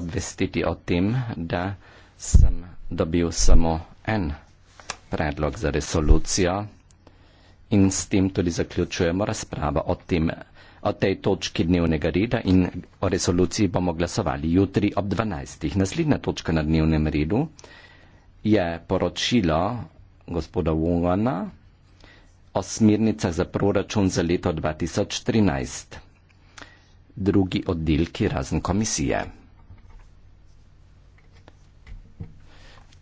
obvestiti o tem, da sem dobil samo en predlog za resolucijo in s tem tudi zaključujemo razpravo o, tem, o tej točki dnevnega reda in o resoluciji bomo glasovali jutri ob 12. Naslednja točka na dnevnem redu je poročilo gospoda Wongana o smernicah za proračun za leto 2013. Drugi oddelki razen komisije.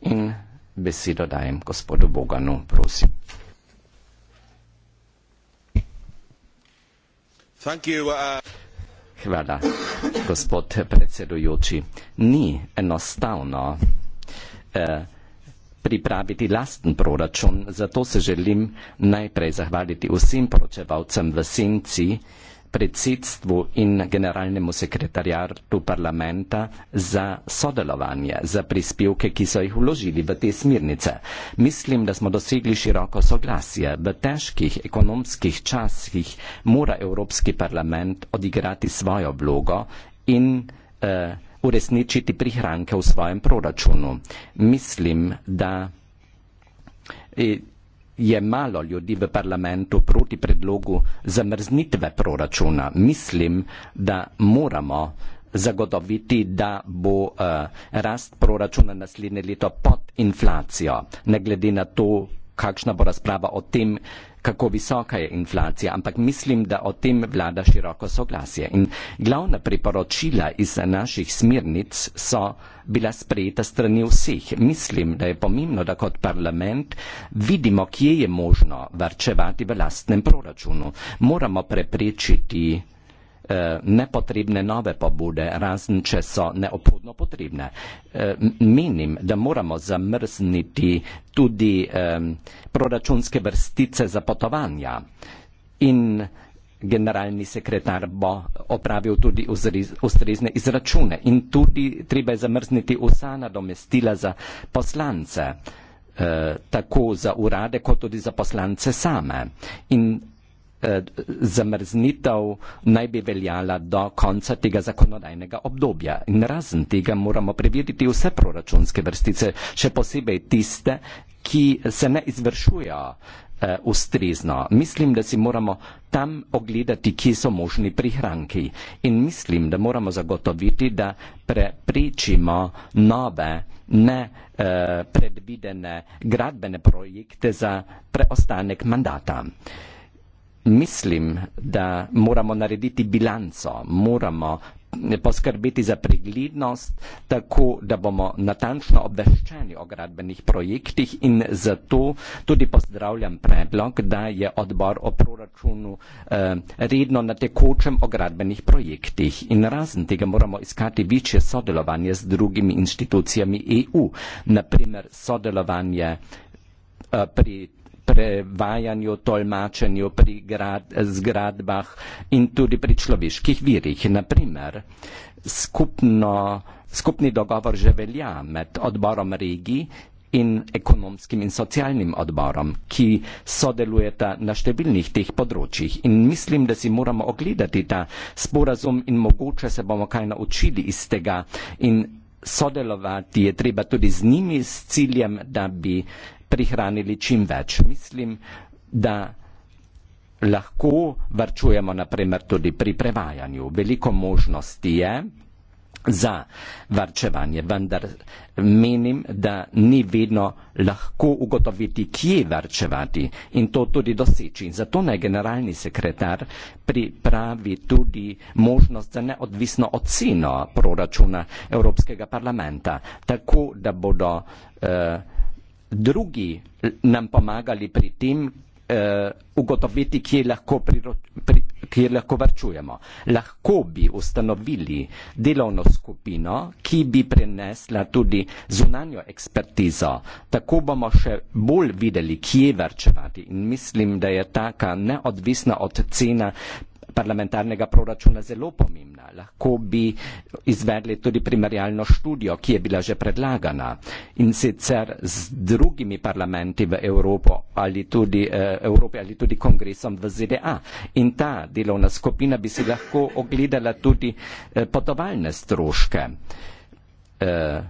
in besedo dajem gospodu Boganu, prosim. Uh, Hvala, gospod predsedujoči. Ni enostavno eh, pripraviti lasten proračun, zato se želim najprej zahvaliti vsem poročevalcem v senci, predsedstvu in generalnemu sekretarjatu parlamenta za sodelovanje, za prispevke, ki so jih vložili v te smirnice. Mislim, da smo dosegli široko soglasje. V težkih ekonomskih časih mora Evropski parlament odigrati svojo vlogo in uh, uresničiti prihranke v svojem proračunu. Mislim, da. Eh, je malo ljudi v parlamentu proti predlogu zamrznitve proračuna. Mislim, da moramo zagotoviti, da bo uh, rast proračuna naslednje leto pod inflacijo, ne glede na to, kakšna bo razprava o tem, uh, kako visoka je inflacija, ampak mislim, da o tem vlada široko soglasje. In glavna priporočila iz naših smernic so bila sprejeta strani vseh. Mislim, da je pomembno, da kot parlament vidimo, kje je možno varčevati v lastnem proračunu. Moramo preprečiti Eh, nepotrebne nove pobude, razen če so neophodno potrebne. Eh, menim, da moramo zamrzniti tudi proračunske vrstice za potovanja in generalni sekretar bo opravil tudi ustrezne izračune in tudi treba je zamrzniti vsa nadomestila za poslance, eh, tako za urade kot tudi za poslance same. In Eh, zamrznitev naj bi veljala do konca tega zakonodajnega obdobja. In razen tega moramo preveriti vse proračunske vrstice, še posebej tiste, ki se ne izvršujejo eh, ustrezno. Mislim, da si moramo tam ogledati, kje so možni prihranki in mislim, da moramo zagotoviti, da preprečimo nove, nepredvidene eh, gradbene projekte za preostanek mandata mislim, da moramo narediti bilanco, moramo poskrbeti za preglednost, tako da bomo natančno obveščeni o gradbenih projektih in zato tudi pozdravljam predlog, da je odbor o proračunu eh, redno na tekočem o gradbenih projektih. In razen tega moramo iskati večje sodelovanje z drugimi institucijami EU, naprimer sodelovanje eh, pri prevajanju, tolmačenju pri zgradbah in tudi pri človeških virih. Naprimer, skupno, skupni dogovor že velja med odborom regij in ekonomskim in socialnim odborom, ki sodelujeta na številnih teh področjih. In mislim, da si moramo ogledati ta sporazum in mogoče se bomo kaj naučili iz tega. In sodelovati je treba tudi z njimi s ciljem, da bi prihranili čim več. Mislim, da lahko varčujemo naprimer tudi pri prevajanju. Veliko možnosti je za varčevanje, vendar menim, da ni vedno lahko ugotoviti, kje varčevati in to tudi doseči. In zato naj generalni sekretar pripravi tudi možnost za neodvisno oceno proračuna Evropskega parlamenta, tako da bodo eh, drugi nam pomagali pri tem eh, ugotoviti, kje lahko, priro, pri, kje lahko varčujemo. Lahko bi ustanovili delovno skupino, ki bi prenesla tudi zunanjo ekspertizo. Tako bomo še bolj videli, kje varčevati. In mislim, da je taka neodvisna od cena parlamentarnega proračuna zelo pomembna. Lahko bi izvedli tudi primerjalno študijo, ki je bila že predlagana in sicer z drugimi parlamenti v Evropo ali tudi, eh, Evropi ali tudi kongresom v ZDA. In ta delovna skupina bi si lahko ogledala tudi eh, potovalne stroške. Eh,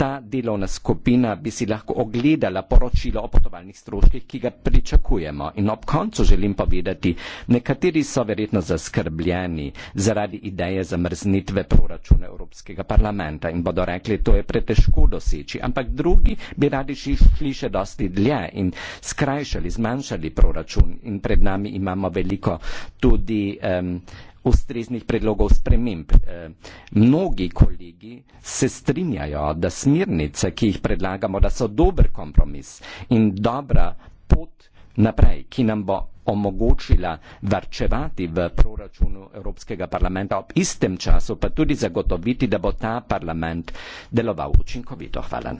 ta delovna skupina bi si lahko ogledala poročilo o potovalnih stroških, ki ga pričakujemo. In ob koncu želim povedati, nekateri so verjetno zaskrbljeni zaradi ideje zamrznitve proračuna Evropskega parlamenta in bodo rekli, to je pretežko doseči, ampak drugi bi radi šli še dosti dlje in skrajšali, zmanjšali proračun. In pred nami imamo veliko tudi. Um, ustreznih predlogov sprememb. Eh, mnogi kolegi se strinjajo, da smirnice, ki jih predlagamo, da so dober kompromis in dobra pot naprej, ki nam bo omogočila varčevati v proračunu Evropskega parlamenta ob istem času, pa tudi zagotoviti, da bo ta parlament deloval učinkovito. Hvala.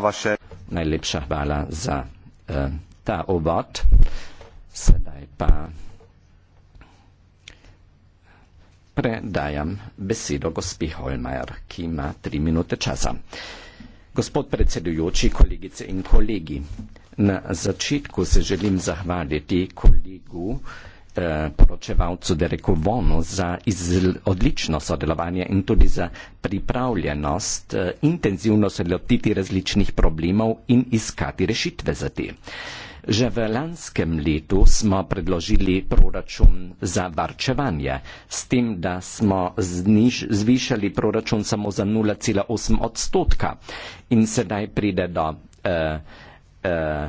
Vaše... Najlepša hvala za uh, ta uvod. Sedaj pa. Predajam besedo gospi Holmajer, ki ima tri minute časa. Gospod predsedujoči, kolegice in kolegi, na začetku se želim zahvaliti kolegu eh, poročevalcu Dereku Vonu za izl, odlično sodelovanje in tudi za pripravljenost eh, intenzivno se lotiti različnih problemov in iskati rešitve za te. Že v lanskem letu smo predložili proračun za varčevanje, s tem, da smo zniž, zvišali proračun samo za 0,8 odstotka. In sedaj pride do eh, Eh,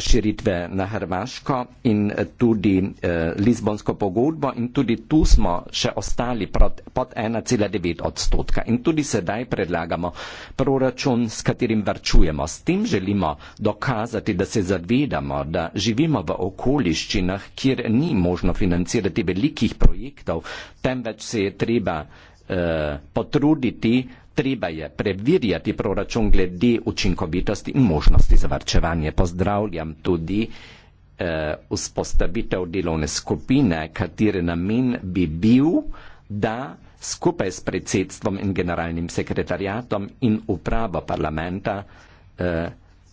širitve na Hrvaško in eh, tudi eh, Lizbonsko pogodbo in tudi tu smo še ostali prot, pod 1,9 odstotka in tudi sedaj predlagamo proračun, s katerim vrčujemo. S tem želimo dokazati, da se zavedamo, da živimo v okoliščinah, kjer ni možno financirati velikih projektov, temveč se je treba eh, potruditi, Treba je previdjati proračun glede učinkovitosti in možnosti za varčevanje. Pozdravljam tudi eh, vzpostavitev delovne skupine, katere namen bi bil, da skupaj s predsedstvom in generalnim sekretarjatom in upravo parlamenta eh,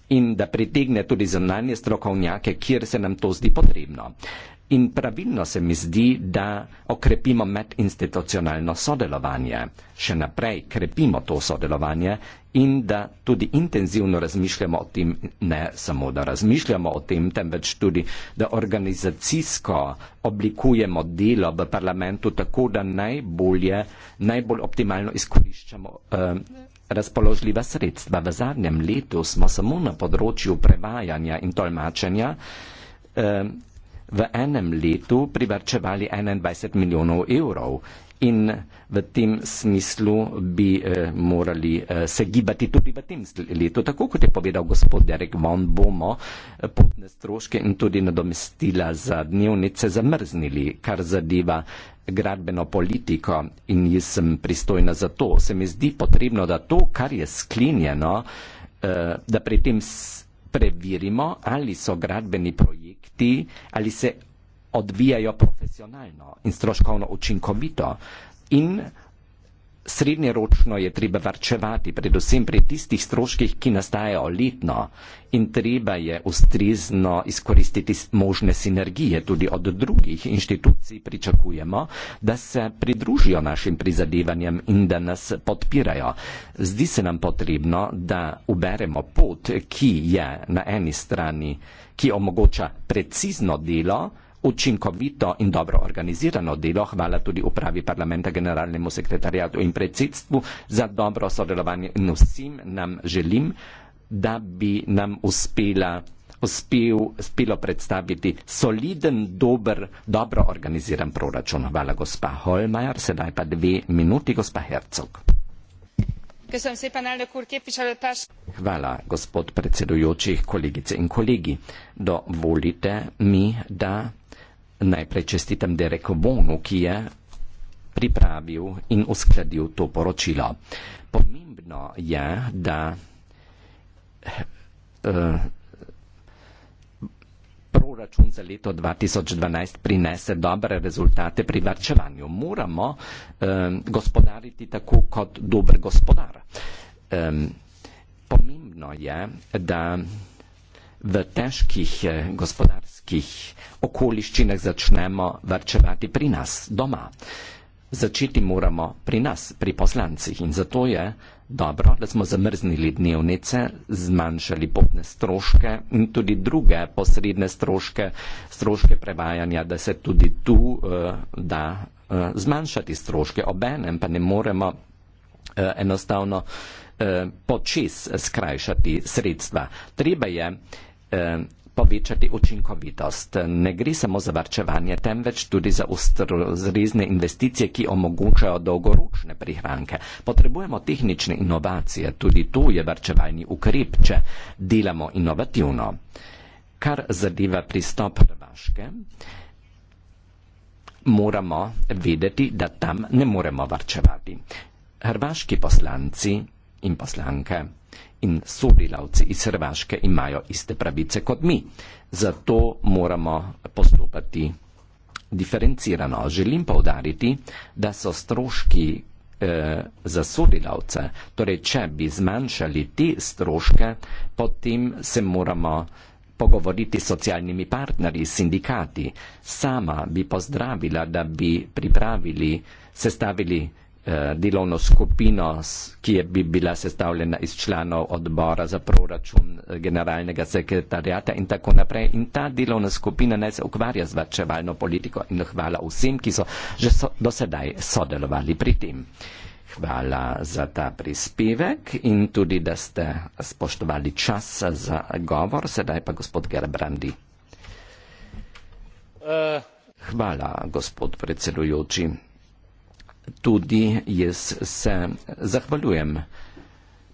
in da pritegne tudi zunanje strokovnjake, kjer se nam to zdi potrebno. Eh, In pravilno se mi zdi, da okrepimo medinstitucionalno sodelovanje, še naprej krepimo to sodelovanje in da tudi intenzivno razmišljamo o tem, ne samo da razmišljamo o tem, temveč tudi, da organizacijsko oblikujemo delo v parlamentu tako, da najbolje, najbolj optimalno izkoriščamo. Um, Razpoložljiva sredstva v zadnjem letu smo samo na področju prevajanja in tolmačenja eh, v enem letu privrčevali 21 milijonov evrov in v tem smislu bi eh, morali eh, se gibati tudi v tem letu. Tako kot je povedal gospod Derek Von, bomo eh, potne stroške in tudi nadomestila za dnevnice zamrznili, kar zadeva gradbeno politiko in jaz sem pristojna za to. Se mi zdi potrebno, da to, kar je sklenjeno, eh, da pri tem. S, preverimo, ali so gradbeni projekti, ali se odvijajo profesionalno in stroškovno učinkovito. In Srednjeročno je treba varčevati, predvsem pri tistih stroških, ki nastajajo letno, in treba je ustrezno izkoristiti možne sinergije tudi od drugih inštitucij. Pričakujemo, da se pridružijo našim prizadevanjem in da nas podpirajo. Zdi se nam potrebno, da uberemo pot, ki je na eni strani, ki omogoča precizno delo, učinkovito in dobro organizirano delo. Hvala tudi upravi parlamenta, generalnemu sekretarjatu in predsedstvu za dobro sodelovanje in vsem nam želim, da bi nam uspela uspel, uspelo predstaviti soliden, dober, dobro organiziran proračun. Hvala gospa Holmajer, sedaj pa dve minuti gospa Hercog. Hvala, gospod predsedujoči, kolegice in kolegi. Dovolite mi, da Najprej čestitam Dereku Bonu, ki je pripravil in uskladil to poročilo. Pomembno je, da uh, proračun za leto 2012 prinese dobre rezultate pri varčevanju. Moramo uh, gospodariti tako kot dober gospodar. Um, pomembno je, da v težkih eh, gospodarskih življenjskih okoliščinah začnemo varčevati pri nas doma. Začeti moramo pri nas, pri poslancih in zato je dobro, da smo zamrznili dnevnice, zmanjšali potne stroške in tudi druge posredne stroške, stroške prevajanja, da se tudi tu uh, da uh, zmanjšati stroške. Obenem pa ne moremo uh, enostavno uh, počis skrajšati sredstva. Treba je uh, povečati učinkovitost. Ne gre samo za varčevanje, temveč tudi za ustrezne investicije, ki omogočajo dolgoročne prihranke. Potrebujemo tehnične inovacije, tudi to je varčevalni ukrep, če delamo inovativno. Kar zadeva pristop Hrvaške, moramo vedeti, da tam ne moremo varčevati. Hrvaški poslanci in poslanke. In sodelavci iz Hrvaške imajo iste pravice kot mi. Zato moramo postopati diferencirano. Želim povdariti, da so stroški eh, za sodelavce. Torej, če bi zmanjšali te stroške, potem se moramo pogovoriti s socialnimi partnerji, sindikati. Sama bi pozdravila, da bi pripravili, sestavili Eh, delovno skupino, ki je bi bila sestavljena iz članov odbora za proračun eh, generalnega sekretarjata in tako naprej. In ta delovna skupina naj se ukvarja z vrčevalno politiko in hvala vsem, ki so že so, do sedaj sodelovali pri tem. Hvala za ta prispevek in tudi, da ste spoštovali čas za govor. Sedaj pa gospod Gerbrandi. Eh. Hvala, gospod predsedujoči. Tudi jaz se zahvaljujem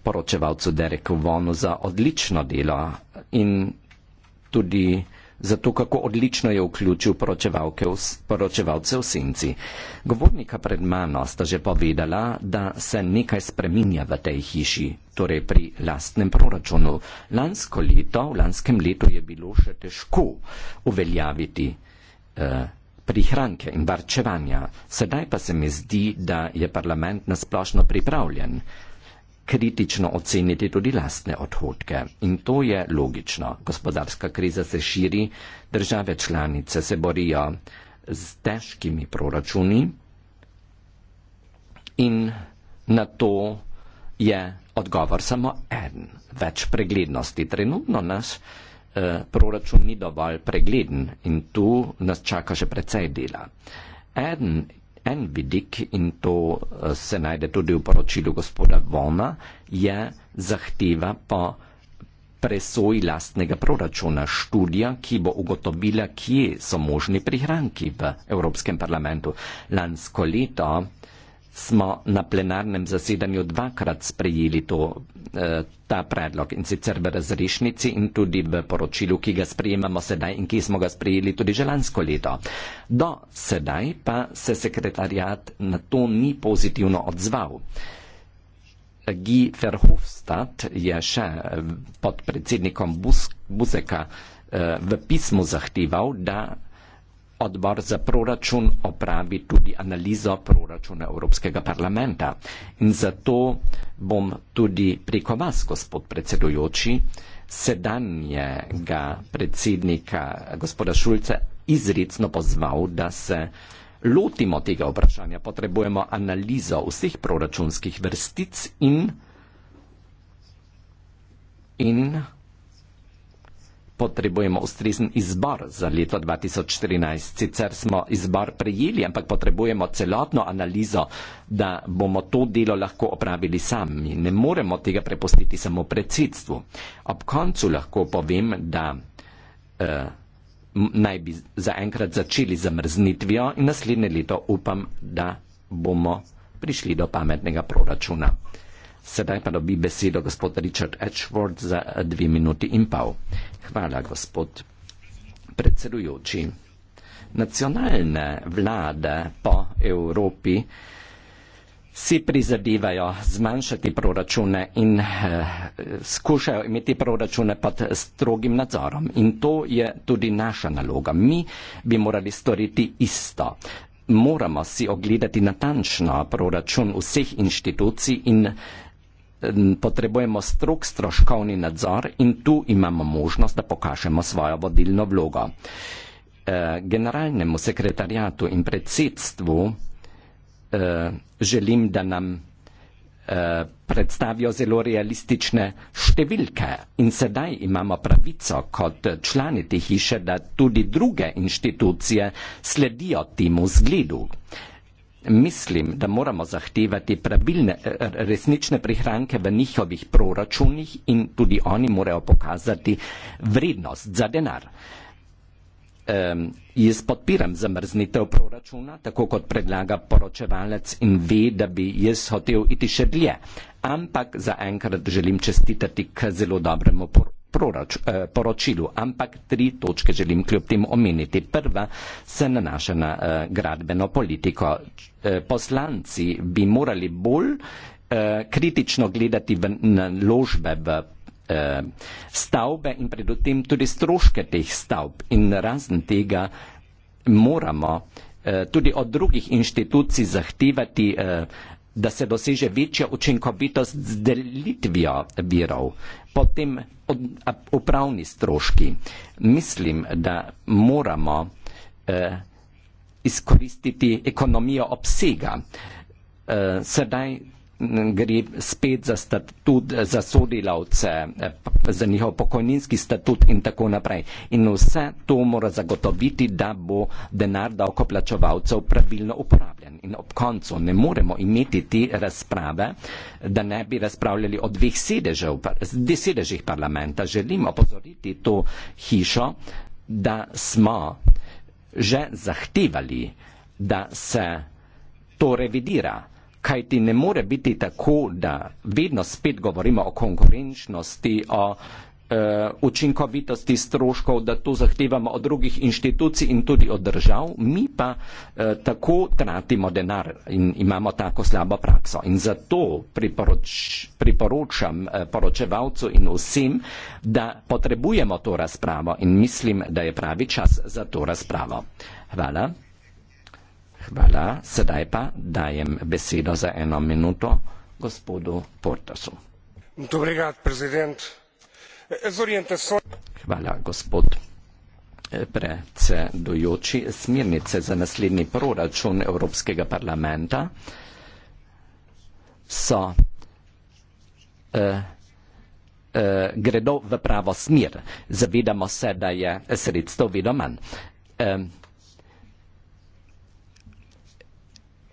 poročevalcu Dereku Vonu za odlično delo in tudi za to, kako odlično je vključil poročevalce v senci. Govornika pred mano sta že povedala, da se nekaj spreminja v tej hiši, torej pri lastnem proračunu. Lansko leto, v lanskem letu je bilo še težko uveljaviti. Eh, prihranke in varčevanja. Sedaj pa se mi zdi, da je parlament nasplošno pripravljen kritično oceniti tudi lastne odhodke. In to je logično. Gospodarska kriza se širi, države članice se borijo z težkimi proračuni in na to je odgovor samo en, več preglednosti. Trenutno nas Eh, proračun ni dovolj pregleden in tu nas čaka še precej dela. En, en vidik, in to eh, se najde tudi v poročilu gospoda Vona, je zahteva po presoji lastnega proračuna, študija, ki bo ugotovila, kje so možni prihranki v Evropskem parlamentu. Lansko leto uh, smo na plenarnem zasedanju dvakrat sprejeli to, eh, ta predlog in sicer v razrešnici in tudi v poročilu, ki ga sprejemamo sedaj in ki smo ga sprejeli tudi že lansko leto. Do sedaj pa se sekretarjat na to ni pozitivno odzval. Guy Verhofstadt je še pod predsednikom Buzeka eh, v pismu zahteval, da Odbor za proračun opravi tudi analizo proračuna Evropskega parlamenta. In zato bom tudi preko vas, gospod predsedujoči, sedanjega predsednika gospoda Šulca izredno pozval, da se lotimo tega vprašanja. Potrebujemo analizo vseh proračunskih vrstic in, in potrebujemo ustrezen izbor za leto 2014. Sicer smo izbor prejeli, ampak potrebujemo celotno analizo, da bomo to delo lahko opravili sami. Ne moremo tega prepustiti samo predsedstvu. Ob koncu lahko povem, da eh, naj bi zaenkrat začeli zamrznitvijo in naslednje leto upam, da bomo prišli do pametnega proračuna. Sedaj pa dobi besedo gospod Richard Edgeworth za eh, dve minuti in pol. Hvala, gospod predsedujoči. Nacionalne vlade po Evropi si prizadevajo zmanjšati proračune in eh, skušajo imeti proračune pod strogim nadzorom. In to je tudi naša naloga. Mi bi morali storiti isto. Moramo si ogledati natančno proračun vseh inštitucij in potrebujemo strok stroškovni nadzor in tu imamo možnost, da pokažemo svojo vodilno vlogo. E, generalnemu sekretarijatu in predsedstvu e, želim, da nam e, predstavijo zelo realistične številke in sedaj imamo pravico kot člani te hiše, da tudi druge inštitucije sledijo temu zgledu. Mislim, da moramo zahtevati pravilne, eh, eh, resnične prihranke v njihovih proračunih in tudi oni morajo pokazati vrednost za denar. Um, jaz podpiram zamrznitev proračuna, tako kot predlaga poročevalec in ve, da bi jaz hotel iti še dlje. Ampak zaenkrat želim čestitati k zelo dobremu poročilu proroč, eh, poročilu, ampak tri točke želim kljub tem omeniti. Prva se nanaša na eh, gradbeno politiko. Eh, poslanci bi morali bolj eh, kritično gledati v naložbe v eh, stavbe in predvsem tudi stroške teh stavb. In razen tega moramo eh, tudi od drugih inštitucij zahtevati, eh, da se doseže večja učinkovitost z delitvijo virov. Potem od, upravni stroški. Mislim, da moramo eh, izkoristiti ekonomijo obsega. Eh, sedaj gre spet za statut za sodelavce, za njihov pokojninski statut in tako naprej. In vse to mora zagotoviti, da bo denar davkoplačevalcev pravilno uporabljen. In ob koncu ne moremo imeti te razprave, da ne bi razpravljali o dveh sedežev, sedežih parlamenta. Želim opozoriti to hišo, da smo že zahtevali, da se to revidira kaj ti ne more biti tako, da vedno spet govorimo o konkurenčnosti, o uh, učinkovitosti stroškov, da to zahtevamo od drugih inštitucij in tudi od držav, mi pa uh, tako tratimo denar in imamo tako slabo prakso. In zato priporoč, priporočam uh, poročevalcu in vsem, da potrebujemo to razpravo in mislim, da je pravi čas za to razpravo. Hvala. Hvala, sedaj pa dajem besedo za eno minuto gospodu Portasu. Dobregat, prezident. Hvala, gospod predsedujoči. Smirnice za naslednji proračun Evropskega parlamenta so eh, eh, gredo v pravo smer. Zavedamo se, da je sredstvo vedno manj.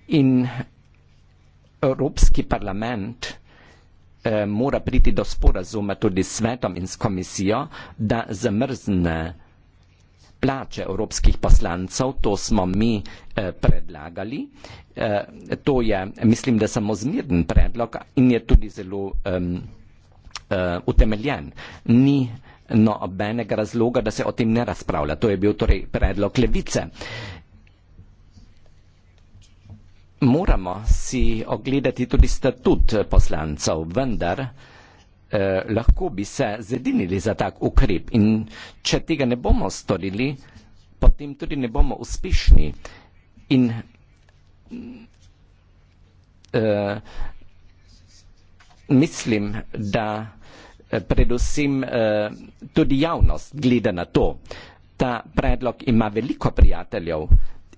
In Evropski parlament eh, mora priti do sporazuma tudi s svetom in s komisijo, da zamrzne plače evropskih poslancev, to smo mi eh, predlagali. Eh, to je, mislim, da samo zmirden predlog in je tudi zelo eh, eh, utemeljen. Ni nobenega razloga, da se o tem ne razpravlja. To je bil torej predlog levice. Eh, moramo si ogledati tudi statut poslancev, vendar eh, lahko bi se zedinili za tak ukrep in če tega ne bomo storili, potem tudi ne bomo uspešni. In, eh, mislim, da eh, predvsem eh, tudi javnost gleda na to, ta predlog ima veliko prijateljev,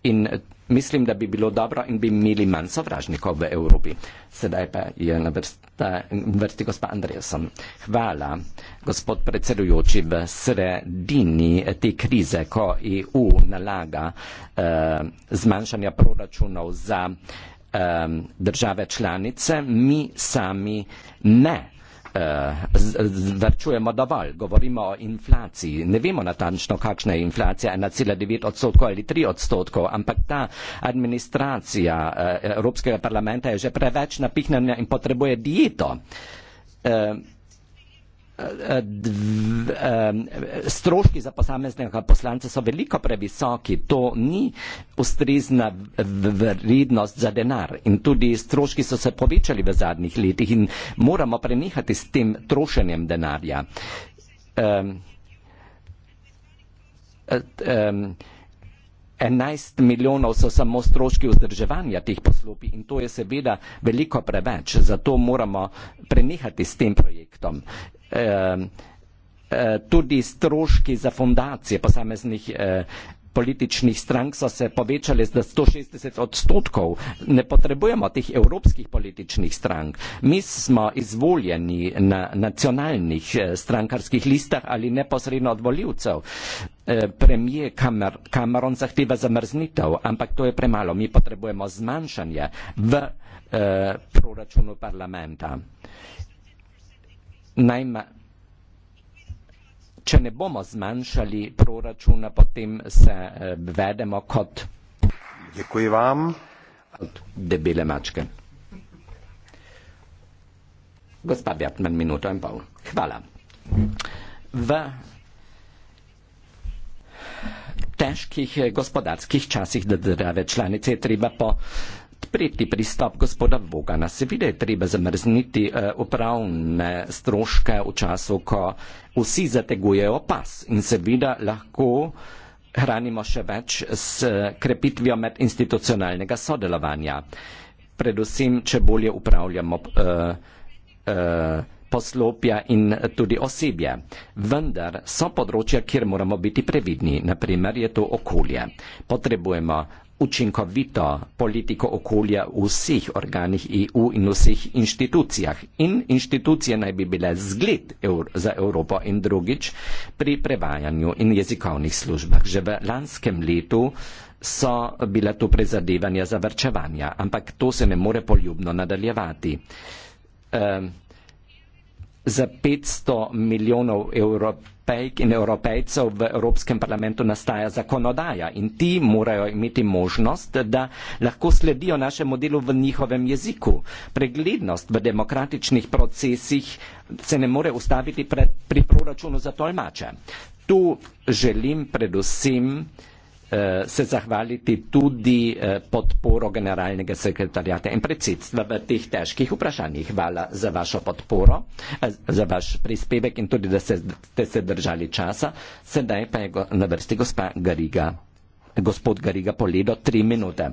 In eh, mislim, da bi bilo dobro in bi imeli manj sovražnikov v Evropi. Sedaj pa je na vrsta, vrsti gospa Andrejson. Hvala, gospod predsedujoči, v sredini eh, te krize, ko EU nalaga eh, zmanjšanja proračunov za eh, države članice, mi sami ne Eh, varčujemo dovolj, govorimo o inflaciji. Ne vemo natančno, kakšna je inflacija, ena cela devet odstotkov ali tri odstotkov, ampak ta administracija eh, Evropskega parlamenta je že preveč napihnjena in potrebuje dieto. Eh, dv, eh, stroški za posameznega poslanca so veliko previsoki, to ni ustrezna vrednost za denar in tudi stroški so se povečali v zadnjih letih in moramo prenehati s tem trošenjem denarja. Um, um, 11 milijonov so samo stroški vzdrževanja teh poslopij in to je seveda veliko preveč, zato moramo prenehati s tem projektom. Ehm, eh, tudi stroški za fundacije posameznih eh, političnih strank so se povečali za 160 odstotkov. Ne potrebujemo teh evropskih političnih strank. Mi smo izvoljeni na nacionalnih eh, strankarskih listah ali neposredno od voljivcev. Premije Cameron zahteva zamrznitev, ampak to je premalo. Mi potrebujemo zmanjšanje v proračunu parlamenta. Najma, če ne bomo zmanjšali proračuna, potem se eh, vedemo kot. Děkuji vám. Debile mačke. Gospa Bjartman, minuto in pol. Hvala. V težkih eh, gospodarskih časih države članice je treba po uh, Priti pristop gospoda Bogana, seveda je treba zamrzniti uh, upravne stroške v času, ko vsi zategujejo pas in seveda lahko hranimo še več s krepitvijo medinstitucionalnega sodelovanja, predvsem, če bolje upravljamo uh, uh, poslopja in tudi osebje. Vendar so področja, kjer moramo biti previdni, naprimer je to okolje. Potrebujemo učinkovito politiko okolja v vseh organih EU in vseh inštitucijah. In inštitucije naj bi bile zgled za Evropo in drugič pri prevajanju in jezikovnih službah. Že v lanskem letu so bila tu prizadevanja za vrčevanja, ampak to se ne more poljubno nadaljevati. Uh, za 500 milijonov evrov Evropejk in Evropejcev v Evropskem parlamentu nastaja zakonodaja in ti morajo imeti možnost, da lahko sledijo našemu delu v njihovem jeziku. Preglednost v demokratičnih procesih se ne more ustaviti pred, pri proračunu za tolmače. Tu želim predvsem Eh, se zahvaliti tudi eh, podporo generalnega sekretarjata in predsedstva v teh težkih vprašanjih. Hvala za vašo podporo, eh, za vaš prispevek in tudi, da ste se držali časa. Sedaj pa je na vrsti gospa Gariga. Gospod Gariga Poledo, tri minute.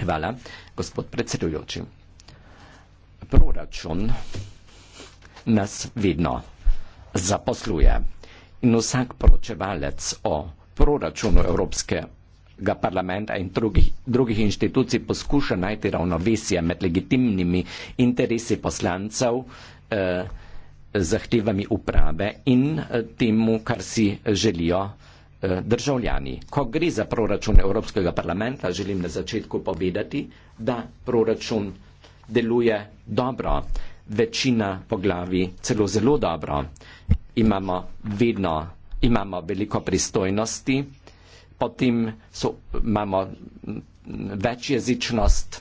Hvala, gospod predsedujoči. Proračun nas vedno zaposluje in vsak poročevalec o proračunu Evropskega parlamenta in drugih, drugih inštitucij poskuša najti ravnovesje med legitimnimi interesi poslancev, eh, zahtevami uprave in eh, temu, kar si želijo eh, državljani. Ko gre za proračun Evropskega parlamenta, želim na začetku povedati, da proračun deluje dobro, večina poglavi celo zelo dobro imamo vedno imamo veliko pristojnosti, potem so, imamo večjezičnost,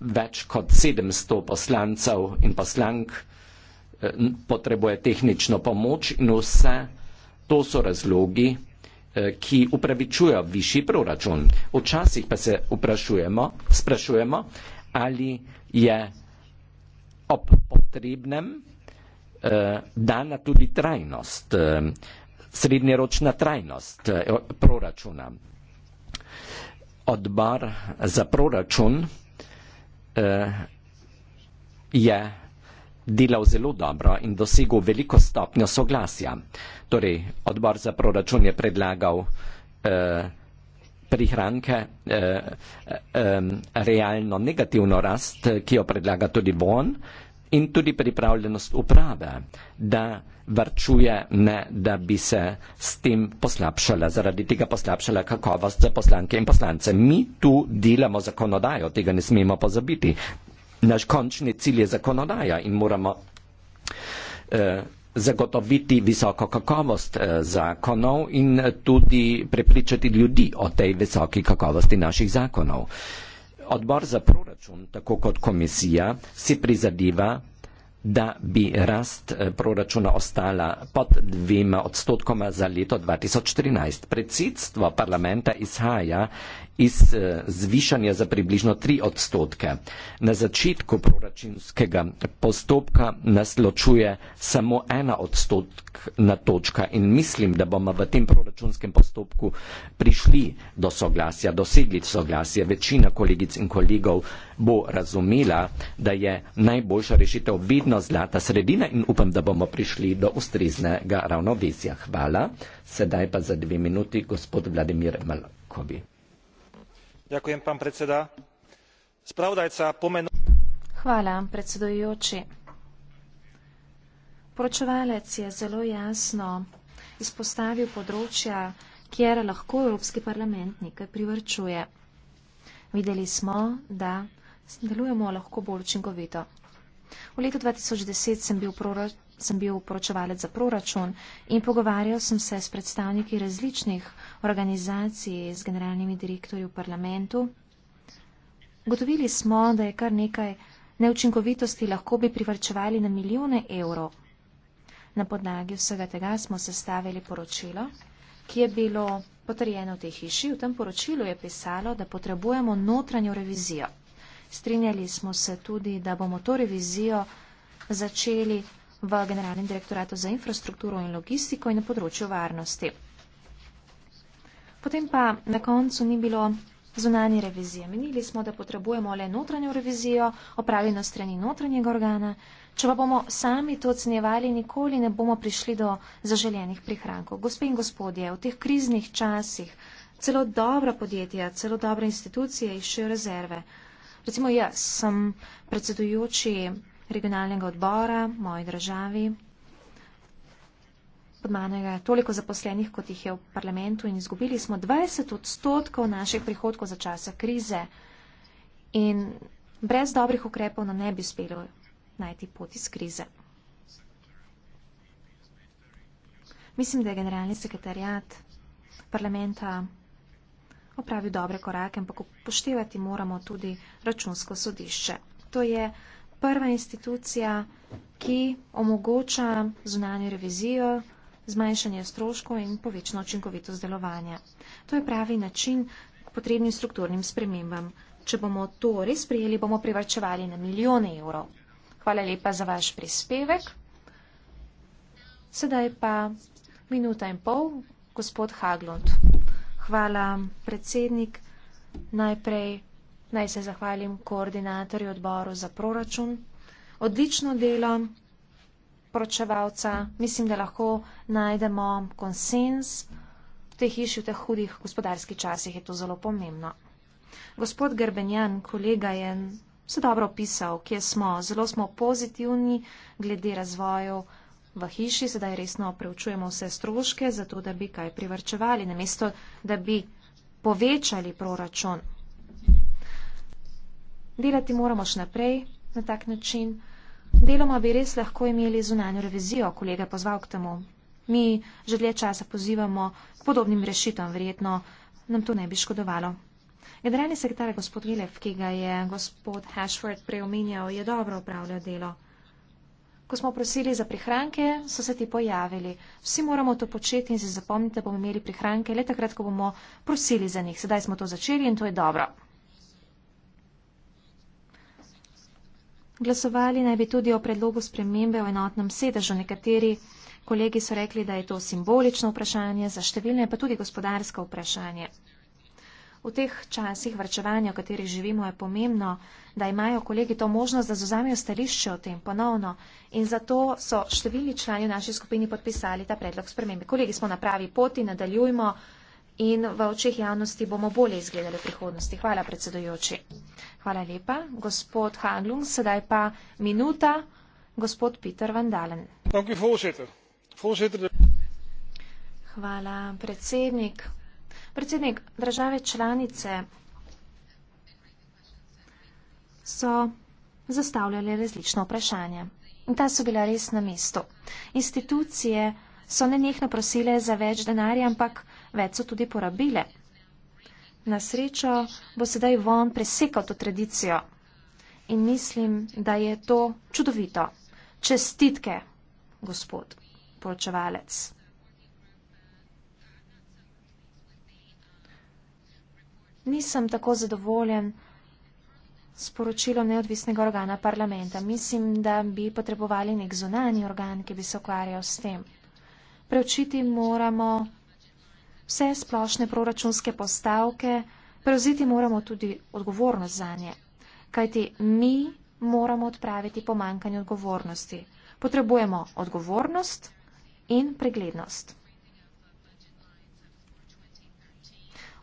več kot 700 poslancev in poslank eh, potrebuje tehnično pomoč in vse to so razlogi, eh, ki upravičujejo višji proračun. Včasih pa se vprašujemo, sprašujemo, ali je ob potrebnem Eh, dana tudi trajnost, eh, srednjeročna trajnost eh, proračuna. Odbor za proračun je delal zelo dobro in dosegel veliko stopnjo soglasja. Torej, odbor za proračun je predlagal prihranke, realno negativno rast, ki jo predlaga tudi bon, in tudi pripravljenost uprave, da varčuje, ne da bi se s tem poslabšala, zaradi tega poslabšala kakovost za poslanke in poslance. Mi tu delamo zakonodajo, tega ne smemo pozabiti. Naš končni cilj je zakonodaja in moramo eh, zagotoviti visoko kakovost eh, zakonov in eh, tudi prepričati ljudi o tej visoki kakovosti naših zakonov. Eh, odbor za proračun, tako kot komisija, si prizadeva, da bi rast eh, proračuna ostala pod dvema odstotkoma za leto 2014. Predsedstvo parlamenta izhaja iz eh, zvišanja za približno tri odstotke. Na začetku proračunskega postopka nas ločuje samo ena odstotna točka in mislim, da bomo v tem proračunskem postopku prišli do soglasja, dosegli soglasje. Večina kolegic in kolegov bo razumela, da je najboljša rešitev vedno zlata sredina in upam, da bomo prišli do ustreznega ravnovesja. Hvala. Sedaj pa za dve minuti gospod Vladimir Malkovi poročevalec je zelo jasno izpostavil področja kjer lahko evropski parlament nekaj privarčuje videli smo da delujemo lahko bolj učinkovito v letu dva tisoč deset sem bil proračunski sem bil poročevalec za proračun in pogovarjal sem se s predstavniki različnih organizacij, z generalnimi direktorji v parlamentu. Gotovili smo, da je kar nekaj neučinkovitosti, lahko bi privrčevali na milijone evrov. Na podlagi vsega tega smo sestavili poročilo, ki je bilo potrjeno v tej hiši. V tem poročilu je pisalo, da potrebujemo notranjo revizijo. Strinjali smo se tudi, da bomo to revizijo začeli v Generalnem direktoratu za infrastrukturo in logistiko in na področju varnosti. Potem pa na koncu ni bilo zunanje revizije. Menili smo, da potrebujemo le notranjo revizijo, opravljeno strani notranjega organa. Če pa bomo sami to ocenjevali, nikoli ne bomo prišli do zaželjenih prihrankov. Gospe in gospodje, v teh kriznih časih celo dobra podjetja, celo dobre institucije iščejo rezerve. Recimo jaz sem predsedujoči regionalnega odbora, moji državi. Pod mano je toliko zaposlenih, kot jih je v parlamentu in izgubili smo 20 odstotkov naših prihodkov za časa krize. In brez dobrih ukrepov nam ne bi uspelo najti pot iz krize. Mislim, da je generalni sekretarjat parlamenta opravil dobre korake, ampak upoštevati moramo tudi računsko sodišče. To je prva institucija, ki omogoča zunanjo revizijo, zmanjšanje stroškov in povečno učinkovitost delovanja. To je pravi način potrebnim strukturnim spremembam. Če bomo to res prijeli, bomo privrčevali na milijone evrov. Hvala lepa za vaš prispevek. Sedaj pa minuta in pol, gospod Haglund. Hvala, predsednik. Najprej. Naj se zahvalim koordinatorju odboru za proračun. Odlično delo poročevalca. Mislim, da lahko najdemo konsens v teh hiši, v teh hudih gospodarskih časih. Je to zelo pomembno. Gospod Grbenjan, kolega je se dobro opisal, kje smo. Zelo smo pozitivni glede razvoju v hiši. Sedaj resno preučujemo vse stroške, zato da bi kaj privrčevali, namesto da bi povečali proračun. Delati moramo še naprej na tak način. Deloma bi res lahko imeli zunanjo revizijo, kolega je pozval k temu. Mi že dlje časa pozivamo k podobnim rešitvam, verjetno nam to ne bi škodovalo. Generalni sekretar gospod Vilev, ki ga je gospod Hashford preomenjal, je dobro upravljal delo. Ko smo prosili za prihranke, so se ti pojavili. Vsi moramo to početi in se zapomniti, da bomo imeli prihranke le takrat, ko bomo prosili za njih. Sedaj smo to začeli in to je dobro. Glasovali naj bi tudi o predlogu spremembe o enotnem sedežu. Nekateri kolegi so rekli, da je to simbolično vprašanje, za številne pa tudi gospodarsko vprašanje. V teh časih vrčevanja, v katerih živimo, je pomembno, da imajo kolegi to možnost, da zozamijo stališče o tem ponovno. In zato so številni člani v naši skupini podpisali ta predlog spremembe. Kolegi smo na pravi poti, nadaljujmo in v očeh javnosti bomo bolje izgledali v prihodnosti. Hvala, predsedujoči. Hvala lepa. Gospod Hanlung, sedaj pa minuta. Gospod Peter Vandalen. Dank u, voorzitter. Voorzitter de... Hvala, predsednik. Predsednik, države članice so zastavljali različno vprašanje. In ta so bila res na mestu. Institucije so nenehno prosile za več denarja, ampak več so tudi porabile. Na srečo bo sedaj von presekal to tradicijo in mislim, da je to čudovito. Čestitke, gospod poročevalec. Nisem tako zadovoljen s poročilom neodvisnega organa parlamenta. Mislim, da bi potrebovali nek zunani organ, ki bi se ukvarjal s tem. Preučiti moramo vse splošne proračunske postavke, prevziti moramo tudi odgovornost za nje. Kajti mi moramo odpraviti pomankanje odgovornosti. Potrebujemo odgovornost in preglednost.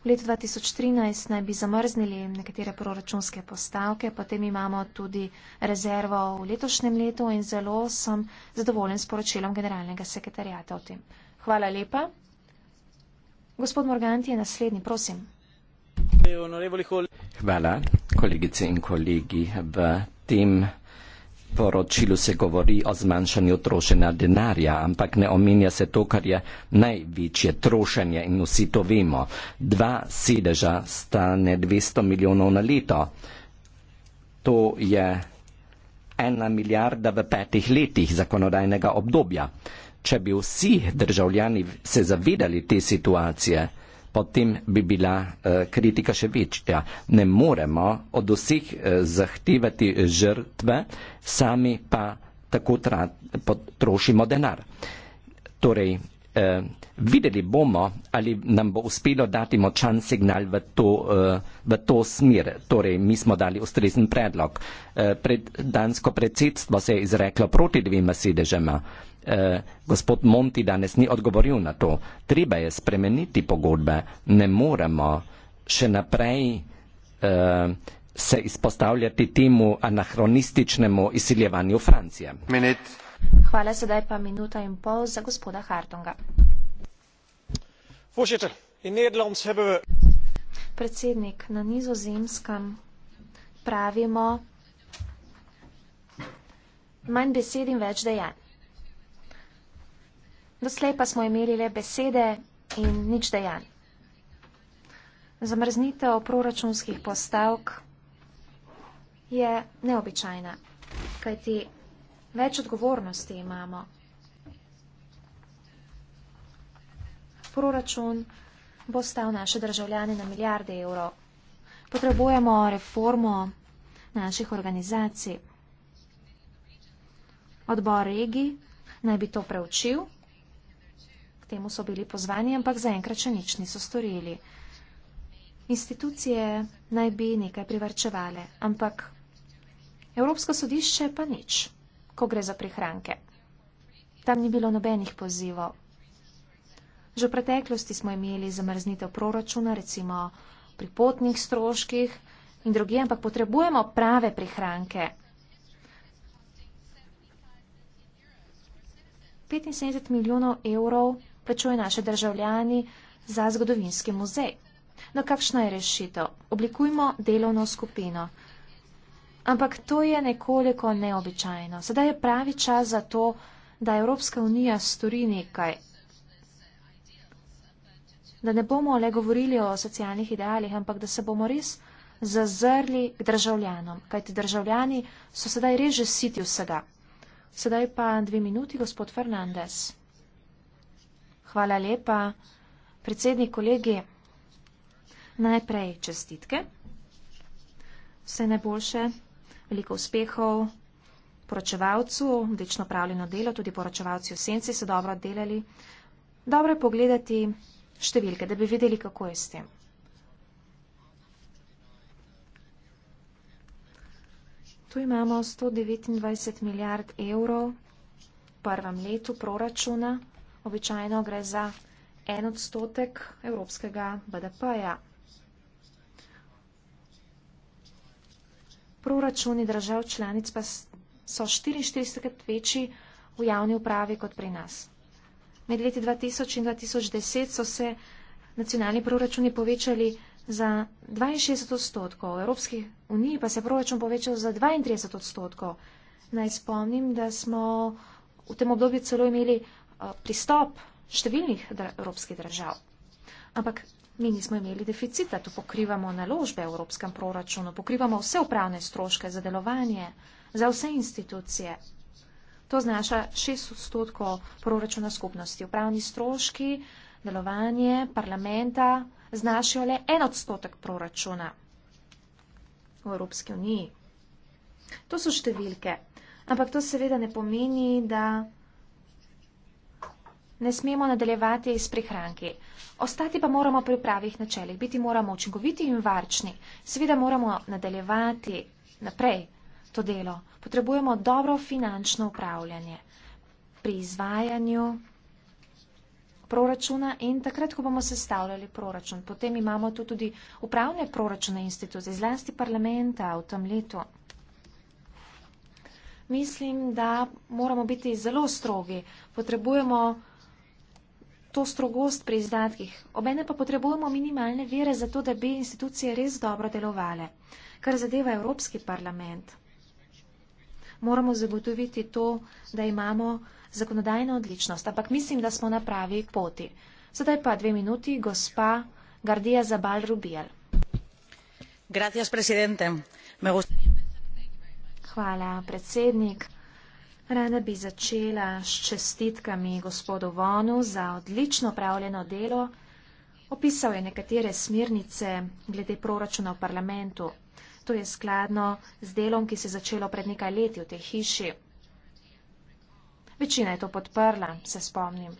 V letu 2013 naj bi zamrznili nekatere proračunske postavke, potem imamo tudi rezervo v letošnjem letu in zelo sem zadovoljen s poročilom generalnega sekretarjata o tem. Hvala lepa. Gospod Morganti je naslednji, prosim. Hvala, kolegice in kolegi. V tem poročilu se govori o zmanjšanju trošenja denarja, ampak ne omenja se to, kar je največje trošenje in vsi to vemo. Dva sedeža stane 200 milijonov na leto. To je ena milijarda v petih letih zakonodajnega obdobja če bi vsi državljani se zavedali te situacije, potem bi bila uh, kritika še večja. Ne moremo od vseh uh, zahtevati žrtve, sami pa tako potrošimo denar. Torej, uh, videli bomo, ali nam bo uspelo dati močan signal v to, uh, v to smer. Torej, mi smo dali ustrezen predlog. Uh, pred dansko predsedstvo se je izreklo proti dvema sedežema. Uh, eh, gospod Monti danes ni odgovoril na to. Treba je spremeniti pogodbe, ne moremo še naprej eh, se izpostavljati temu anahronističnemu izsiljevanju Francije. Minut. Hvala, sedaj pa minuta in pol za gospoda Hartonga. Voorzitter, in Nederland hebben we. Predsednik, na nizozemskem pravimo manj besed in več dejanj. Doslej pa smo imeli le besede in nič dejanj. Zamrznitev proračunskih postavk je neobičajna, kajti več odgovornosti imamo. Proračun bo stal naše državljane na milijarde evrov. Potrebujemo reformo naših organizacij. Odbor regi naj bi to preučil temu so bili pozvani, ampak zaenkrat še nič niso storili. Institucije naj bi nekaj privrčevale, ampak Evropsko sodišče pa nič, ko gre za prihranke. Tam ni bilo nobenih pozivov. Že v preteklosti smo imeli zamrznitev proračuna, recimo pri potnih stroških in drugi, ampak potrebujemo prave prihranke. 75 milijonov evrov plačujejo naši državljani za zgodovinski muzej. No, kakšna je rešitev? Oblikujmo delovno skupino. Ampak to je nekoliko neobičajno. Sedaj je pravi čas za to, da Evropska unija stori nekaj. Da ne bomo le govorili o socialnih idealih, ampak da se bomo res zazrli k državljanom. Kajti državljani so sedaj res že siti vsega. Sedaj pa dve minuti, gospod Fernandez. Hvala lepa. Predsednik kolegi, najprej čestitke. Vse najboljše, veliko uspehov poročevalcu, odlično pravljeno delo, tudi poročevalci v senci so dobro delali. Dobro je pogledati številke, da bi videli, kako je s tem. Tu imamo 129 milijard evrov v prvem letu proračuna, običajno gre za en odstotek evropskega BDP-ja. Proračuni držav članic pa so 44-krat večji v javni upravi kot pri nas. Med leti 2000 in 2010 so se nacionalni proračuni povečali za 62 odstotkov, v Evropski uniji pa se proračun povečal za 32 odstotkov. Naj spomnim, da smo v tem obdobju celo imeli Eh, pristop številnih evropskih držav. Ampak mi nismo imeli deficita, tu pokrivamo naložbe v evropskem proračunu, pokrivamo vse upravne stroške za delovanje, za vse institucije. To znaša 6 odstotkov proračuna skupnosti. Upravni stroški, delovanje parlamenta znašajo le en odstotek proračuna v Evropski uniji. To so številke, ampak to seveda ne pomeni, da ne smemo nadaljevati s prihranki. Ostati pa moramo pri pravih načelih, biti moramo učinkoviti in varčni. Seveda moramo nadaljevati naprej to delo. Potrebujemo dobro finančno upravljanje pri izvajanju proračuna in takrat, ko bomo sestavljali proračun. Potem imamo tu tudi upravne proračune institucije, zlasti parlamenta v tem letu. Mislim, da moramo biti zelo strogi. Potrebujemo to strogost pri izdatkih. Obene pa potrebujemo minimalne vere za to, da bi institucije res dobro delovale. Kar zadeva Evropski parlament, moramo zagotoviti to, da imamo zakonodajno odličnost. Ampak mislim, da smo na pravi poti. Sedaj pa dve minuti, gospa Gardija Zabal Rubijal. Hvala, predsednik. Rada bi začela s čestitkami gospodu Vonu za odlično pravljeno delo. Opisal je nekatere smernice glede proračuna v parlamentu. To je skladno z delom, ki se je začelo pred nekaj leti v tej hiši. Večina je to podprla, se spomnim.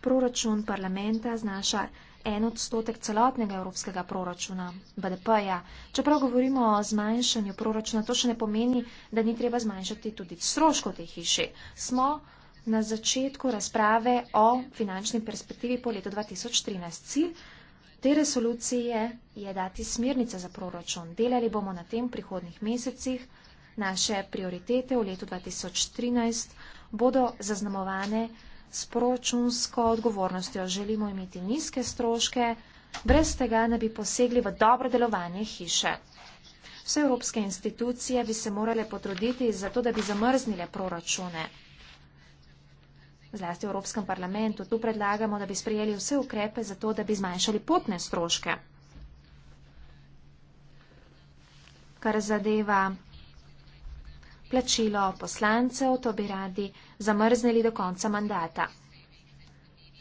Proračun parlamenta znaša en odstotek celotnega evropskega proračuna BDP-ja. Čeprav govorimo o zmanjšanju proračuna, to še ne pomeni, da ni treba zmanjšati tudi stroškov tej hiši. Smo na začetku razprave o finančni perspektivi po letu 2013. Cilj te resolucije je dati smernice za proračun. Delali bomo na tem v prihodnih mesecih. Naše prioritete v letu 2013 bodo zaznamovane s proračunsko odgovornostjo želimo imeti nizke stroške, brez tega ne bi posegli v dobro delovanje hiše. Vse evropske institucije bi se morale potruditi za to, da bi zamrznile proračune. Zlasti v Evropskem parlamentu tu predlagamo, da bi sprejeli vse ukrepe za to, da bi zmanjšali potne stroške. Kar zadeva plačilo poslancev, to bi radi zamrznili do konca mandata.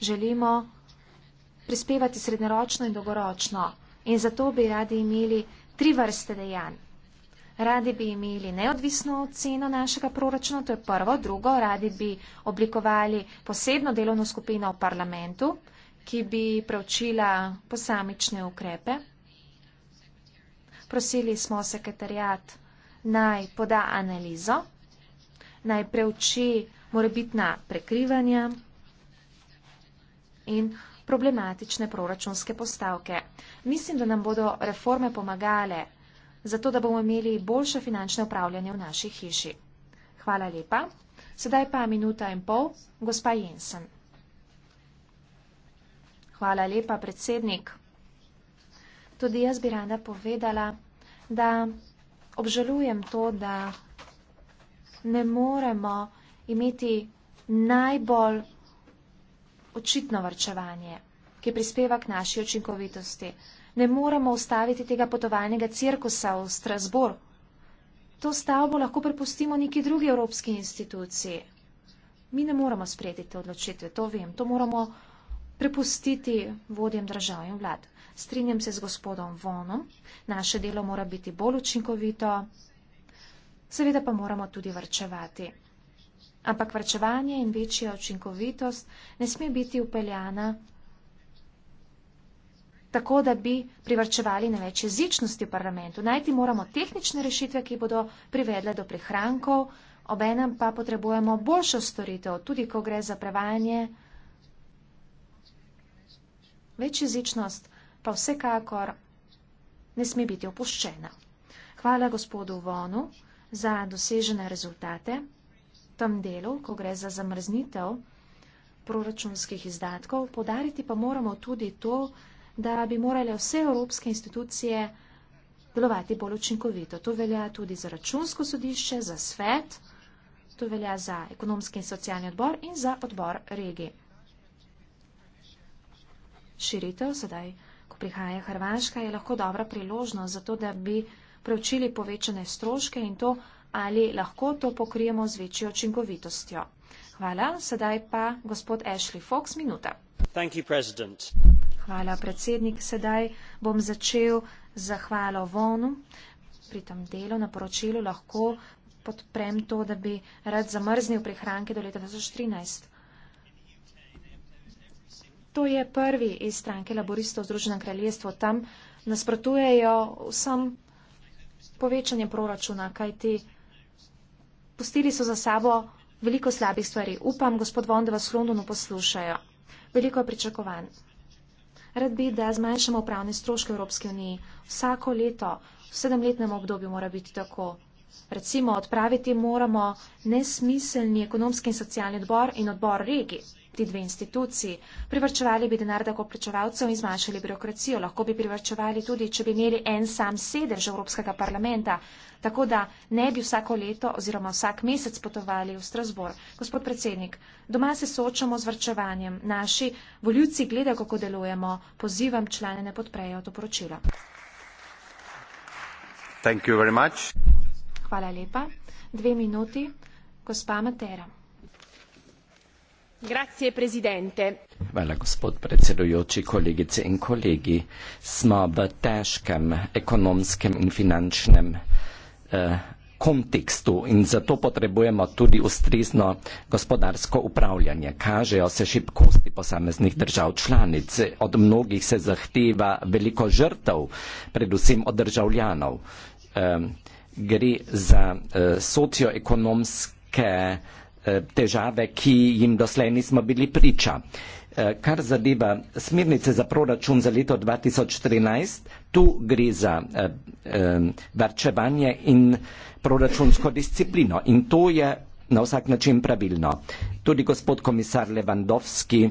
Želimo prispevati srednjeročno in dolgoročno in zato bi radi imeli tri vrste dejanj. Radi bi imeli neodvisno oceno našega proračuna, to je prvo. Drugo, radi bi oblikovali posebno delovno skupino v parlamentu, ki bi preučila posamične ukrepe. Prosili smo sekretarjat naj poda analizo, naj preuči morebitna prekrivanja in problematične proračunske postavke. Mislim, da nam bodo reforme pomagale, zato da bomo imeli boljše finančne upravljanje v naši hiši. Hvala lepa. Sedaj pa minuta in pol, gospa Jensen. Hvala lepa, predsednik. Tudi jaz bi rada povedala, da obžalujem to, da ne moremo imeti najbolj očitno vrčevanje, ki prispeva k naši očinkovitosti. Ne moremo ustaviti tega potovalnega cirkusa v Strasbourg. To stavbo lahko prepustimo neki drugi evropski instituciji. Mi ne moremo sprejeti te odločitve, to vem. To moramo prepustiti vodjem držav in vlad. Strinjam se z gospodom Vonom, naše delo mora biti bolj učinkovito, seveda pa moramo tudi vrčevati. Ampak vrčevanje in večja učinkovitost ne sme biti upeljana tako, da bi privrčevali na več jezičnosti v parlamentu. Najti moramo tehnične rešitve, ki bodo privedle do prihrankov, obenem pa potrebujemo boljšo storitev, tudi ko gre za prevajanje večjezičnost pa vsekakor ne sme biti opuščena. Hvala gospodu Vonu za dosežene rezultate v tem delu, ko gre za zamrznitev proračunskih izdatkov. Podariti pa moramo tudi to, da bi morale vse evropske institucije delovati bolj učinkovito. To velja tudi za računsko sodišče, za svet, to velja za ekonomski in socialni odbor in za odbor regije širitev, sedaj, ko prihaja Hrvaška, je lahko dobra priložnost za to, da bi preučili povečane stroške in to, ali lahko to pokrijemo z večjo učinkovitostjo. Hvala, sedaj pa gospod Ashley Fox, minuta. Hvala, predsednik. Sedaj bom začel z zahvalo Vonu. Pri tem delu na poročilu lahko podprem to, da bi rad zamrznil prihranke do leta 2013. To je prvi iz stranke laboristov v Združenem kraljestvu. Tam nasprotujejo vsem povečanjem proračuna, kajti pustili so za sabo veliko slabih stvari. Upam, gospod Von, da vas v Londonu poslušajo. Veliko je pričakovan. Rad bi, da zmanjšamo upravne stroške v Evropski uniji. Vsako leto, v sedemletnem obdobju mora biti tako. Recimo, odpraviti moramo nesmiselni ekonomski in socialni odbor in odbor regij ti dve instituciji. Privrčevali bi denar tako plačevalcev in zmanjšali birokracijo. Lahko bi privrčevali tudi, če bi imeli en sam sedež Evropskega parlamenta, tako da ne bi vsako leto oziroma vsak mesec potovali v Strasbourg. Gospod predsednik, doma se soočamo z vrčevanjem. Naši voljivci gledajo, kako delujemo. Pozivam člane, ne podprejo to poročilo. Hvala lepa. Dve minuti. Gospa Matera. Grazie Presidente. Hvala gospod predsedujoči, kolegice in kolegi. Smo v težkem ekonomskem in finančnem eh, kontekstu in zato potrebujemo tudi ustrezno gospodarsko upravljanje. Kažejo se šibkosti posameznih držav članic, od mnogih se zahteva veliko žrtev, predvsem od državljanov. Eh, gre za eh, socioekonomske Eh, težave, ki jim doslej nismo bili priča. Eh, kar zadeva smernice za proračun za leto 2013, tu gre za eh, varčevanje in proračunsko disciplino in to je na vsak način pravilno. Tudi gospod komisar Levandovski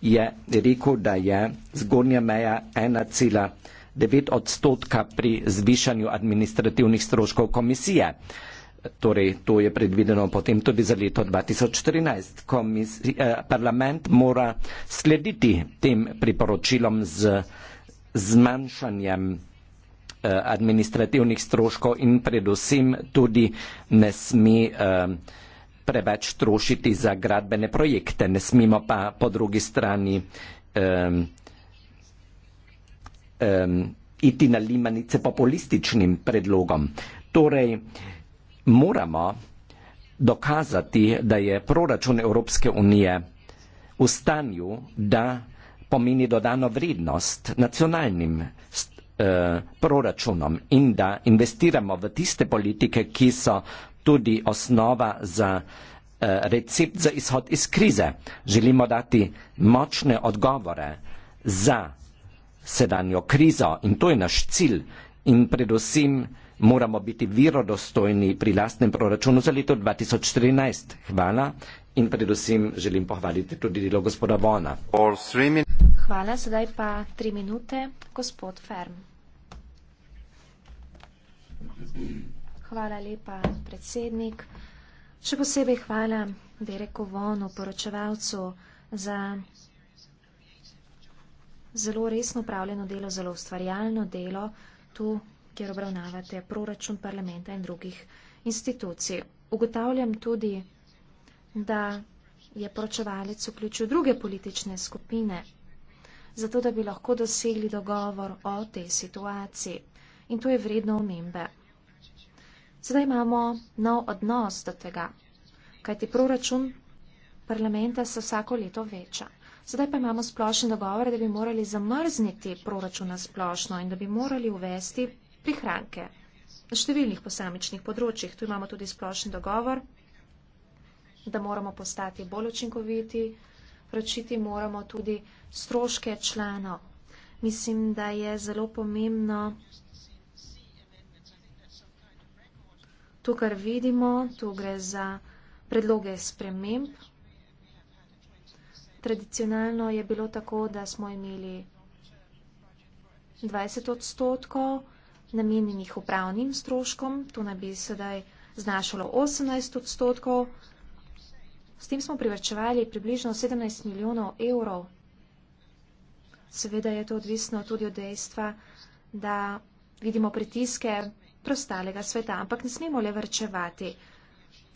je rekel, da je zgornja meja 1,9 odstotka pri zvišanju administrativnih stroškov komisije. Torej, to je predvideno potem tudi za leto 2014. Komisi, eh, parlament mora slediti tem priporočilom z zmanjšanjem eh, administrativnih stroškov in predvsem tudi ne sme eh, preveč trošiti za gradbene projekte. Ne smemo pa po drugi strani eh, eh, iti na limanice populističnim predlogom. Torej, moramo dokazati, da je proračun Evropske unije v stanju, da pomeni dodano vrednost nacionalnim eh, proračunom in da investiramo v tiste politike, ki so tudi osnova za eh, recept za izhod iz krize. Želimo dati močne odgovore za sedanjo krizo in to je naš cilj in predvsem moramo biti virodostojni pri lastnem proračunu za leto 2014. Hvala in predvsem želim pohvaliti tudi delo gospoda Vona. Hvala, sedaj pa tri minute, gospod Ferm. Hvala lepa, predsednik. Še posebej hvala Dereku Vonu, poročevalcu, za zelo resno upravljeno delo, zelo ustvarjalno delo tu, kjer obravnavate proračun parlamenta in drugih institucij. Ugotavljam tudi, da je poročevalec vključil druge politične skupine, zato da bi lahko dosegli dogovor o tej situaciji. In to je vredno omembe. Sedaj imamo nov odnos do tega, kajti proračun parlamenta se vsako leto veča. Sedaj pa imamo splošen dogovor, da bi morali zamrzniti proračun na splošno in da bi morali uvesti prihranke na številnih posamičnih področjih. Tu imamo tudi splošen dogovor, da moramo postati bolj učinkoviti, vračiti moramo tudi stroške članov. Mislim, da je zelo pomembno to, kar vidimo. Tu gre za predloge sprememb Tradicionalno je bilo tako, da smo imeli 20 odstotkov namenjenih upravnim stroškom, to naj bi sedaj znašalo 18 odstotkov. S tem smo privrčevali približno 17 milijonov evrov. Seveda je to odvisno tudi od dejstva, da vidimo pritiske prostalega sveta, ampak ne smemo le vrčevati.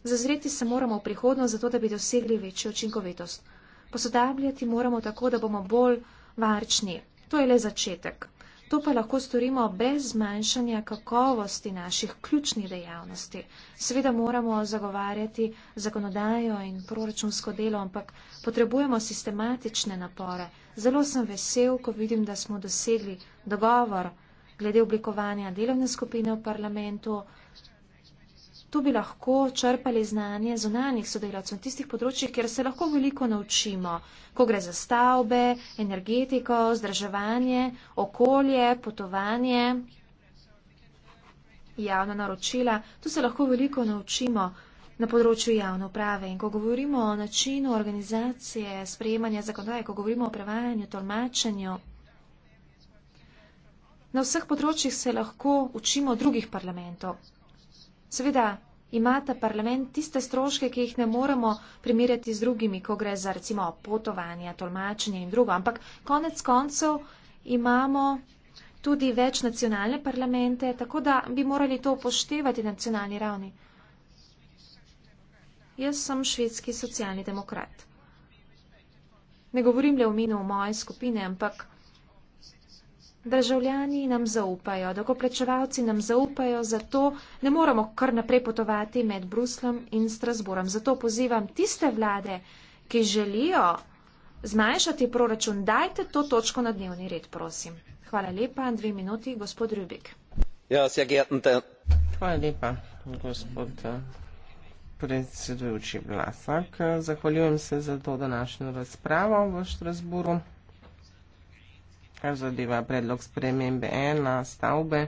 Zazreti se moramo v prihodnost, zato da bi dosegli večjo učinkovitost. Posodabljati moramo tako, da bomo bolj varčni. To je le začetek. To pa lahko storimo brez zmanjšanja kakovosti naših ključnih dejavnosti. Seveda moramo zagovarjati zakonodajo in proračunsko delo, ampak potrebujemo sistematične napore. Zelo sem vesel, ko vidim, da smo dosegli dogovor glede oblikovanja delovne skupine v parlamentu, Tu bi lahko črpali znanje zunanjih sodelavcev na tistih področjih, kjer se lahko veliko naučimo, ko gre za stavbe, energetiko, zdraževanje, okolje, potovanje, javna naročila. Tu se lahko veliko naučimo na področju javne uprave in ko govorimo o načinu organizacije, sprejemanja zakonodaje, ko govorimo o prevajanju, tolmačenju. Na vseh področjih se lahko učimo drugih parlamentov. Seveda imata parlament tiste stroške, ki jih ne moremo primerjati z drugimi, ko gre za recimo potovanja, tolmačenje in drugo. Ampak konec koncev imamo tudi več nacionalne parlamente, tako da bi morali to upoštevati na nacionalni ravni. Jaz sem švedski socialni demokrat. Ne govorim le o imenu moje skupine, ampak državljani nam zaupajo, da ko plačevalci nam zaupajo, zato ne moramo kar naprej potovati med Bruslom in Strasburom. Zato pozivam tiste vlade, ki želijo zmanjšati proračun, dajte to točko na dnevni red, prosim. Hvala lepa, dve minuti, gospod Rubik. Ja, se gerte. Hvala lepa, gospod eh, predsedujoči Vlasak. Eh, zahvaljujem se za to današnjo razpravo v Štrasburu kar zadeva predlog spremembe ena stavbe.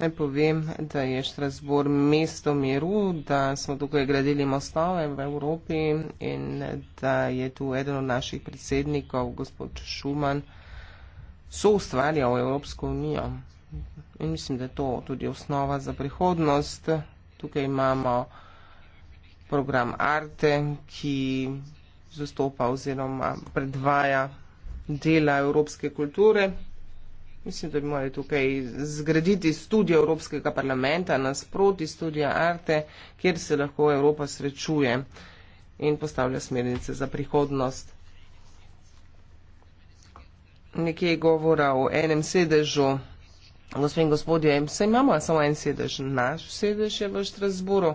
Naj povem, da je Štrasbor mesto miru, da smo tukaj gradili mostove v Evropi in da je tu eden od naših predsednikov, gospod Šuman, so ustvarjal Evropsko unijo. In mislim, da je to tudi osnova za prihodnost. Tukaj imamo program Arte, ki zastopa oziroma predvaja dela evropske kulture. Mislim, da bi morali tukaj zgraditi studijo Evropskega parlamenta nasproti studija Arte, kjer se lahko Evropa srečuje in postavlja smernice za prihodnost. Nekje je govora o enem sedežu. Gospod in gospodje, vse imamo samo en sedež. Naš sedež je v Štrasburu.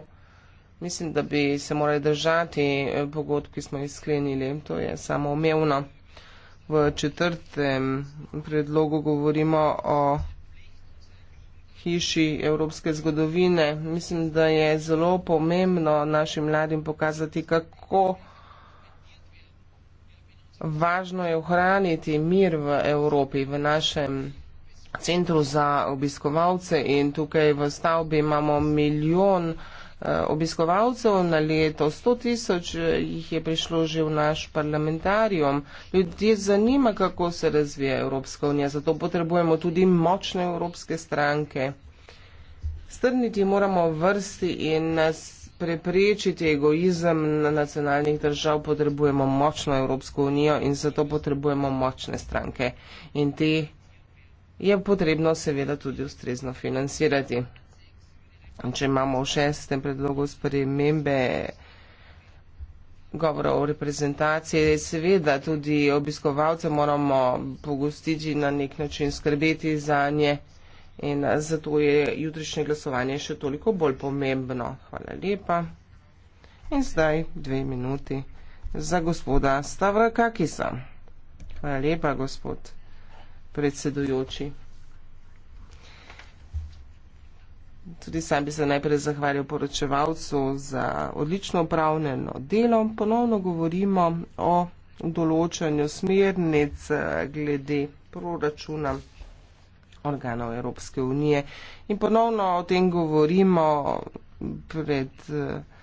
Mislim, da bi se morali držati pogodb, ki smo jih sklenili. To je samo omevno v četrtem predlogu govorimo o hiši evropske zgodovine. Mislim, da je zelo pomembno našim mladim pokazati, kako važno je ohraniti mir v Evropi, v našem centru za obiskovalce in tukaj v stavbi imamo milijon Eh, obiskovalcev na leto. 100 tisoč eh, jih je prišlo že v naš parlamentarijum. Ljudje zanima, kako se razvija Evropska unija, zato potrebujemo tudi močne evropske stranke. Strniti moramo vrsti in nas preprečiti egoizem na nacionalnih držav, potrebujemo močno Evropsko unijo in zato potrebujemo močne stranke. In te je potrebno seveda tudi ustrezno financirati če imamo v šestem predlogu spremembe govora o reprezentaciji, seveda tudi obiskovalce moramo pogostiti na nek način skrbeti za nje in zato je jutrišnje glasovanje še toliko bolj pomembno. Hvala lepa. In zdaj dve minuti za gospoda Stavra Kakisa. Hvala lepa, gospod predsedujoči. Tudi sam bi se najprej zahvalil poročevalcu za odlično upravljeno delo. Ponovno govorimo o določanju smernic eh, glede proračuna organov Evropske unije. In ponovno o tem govorimo pred. Uh,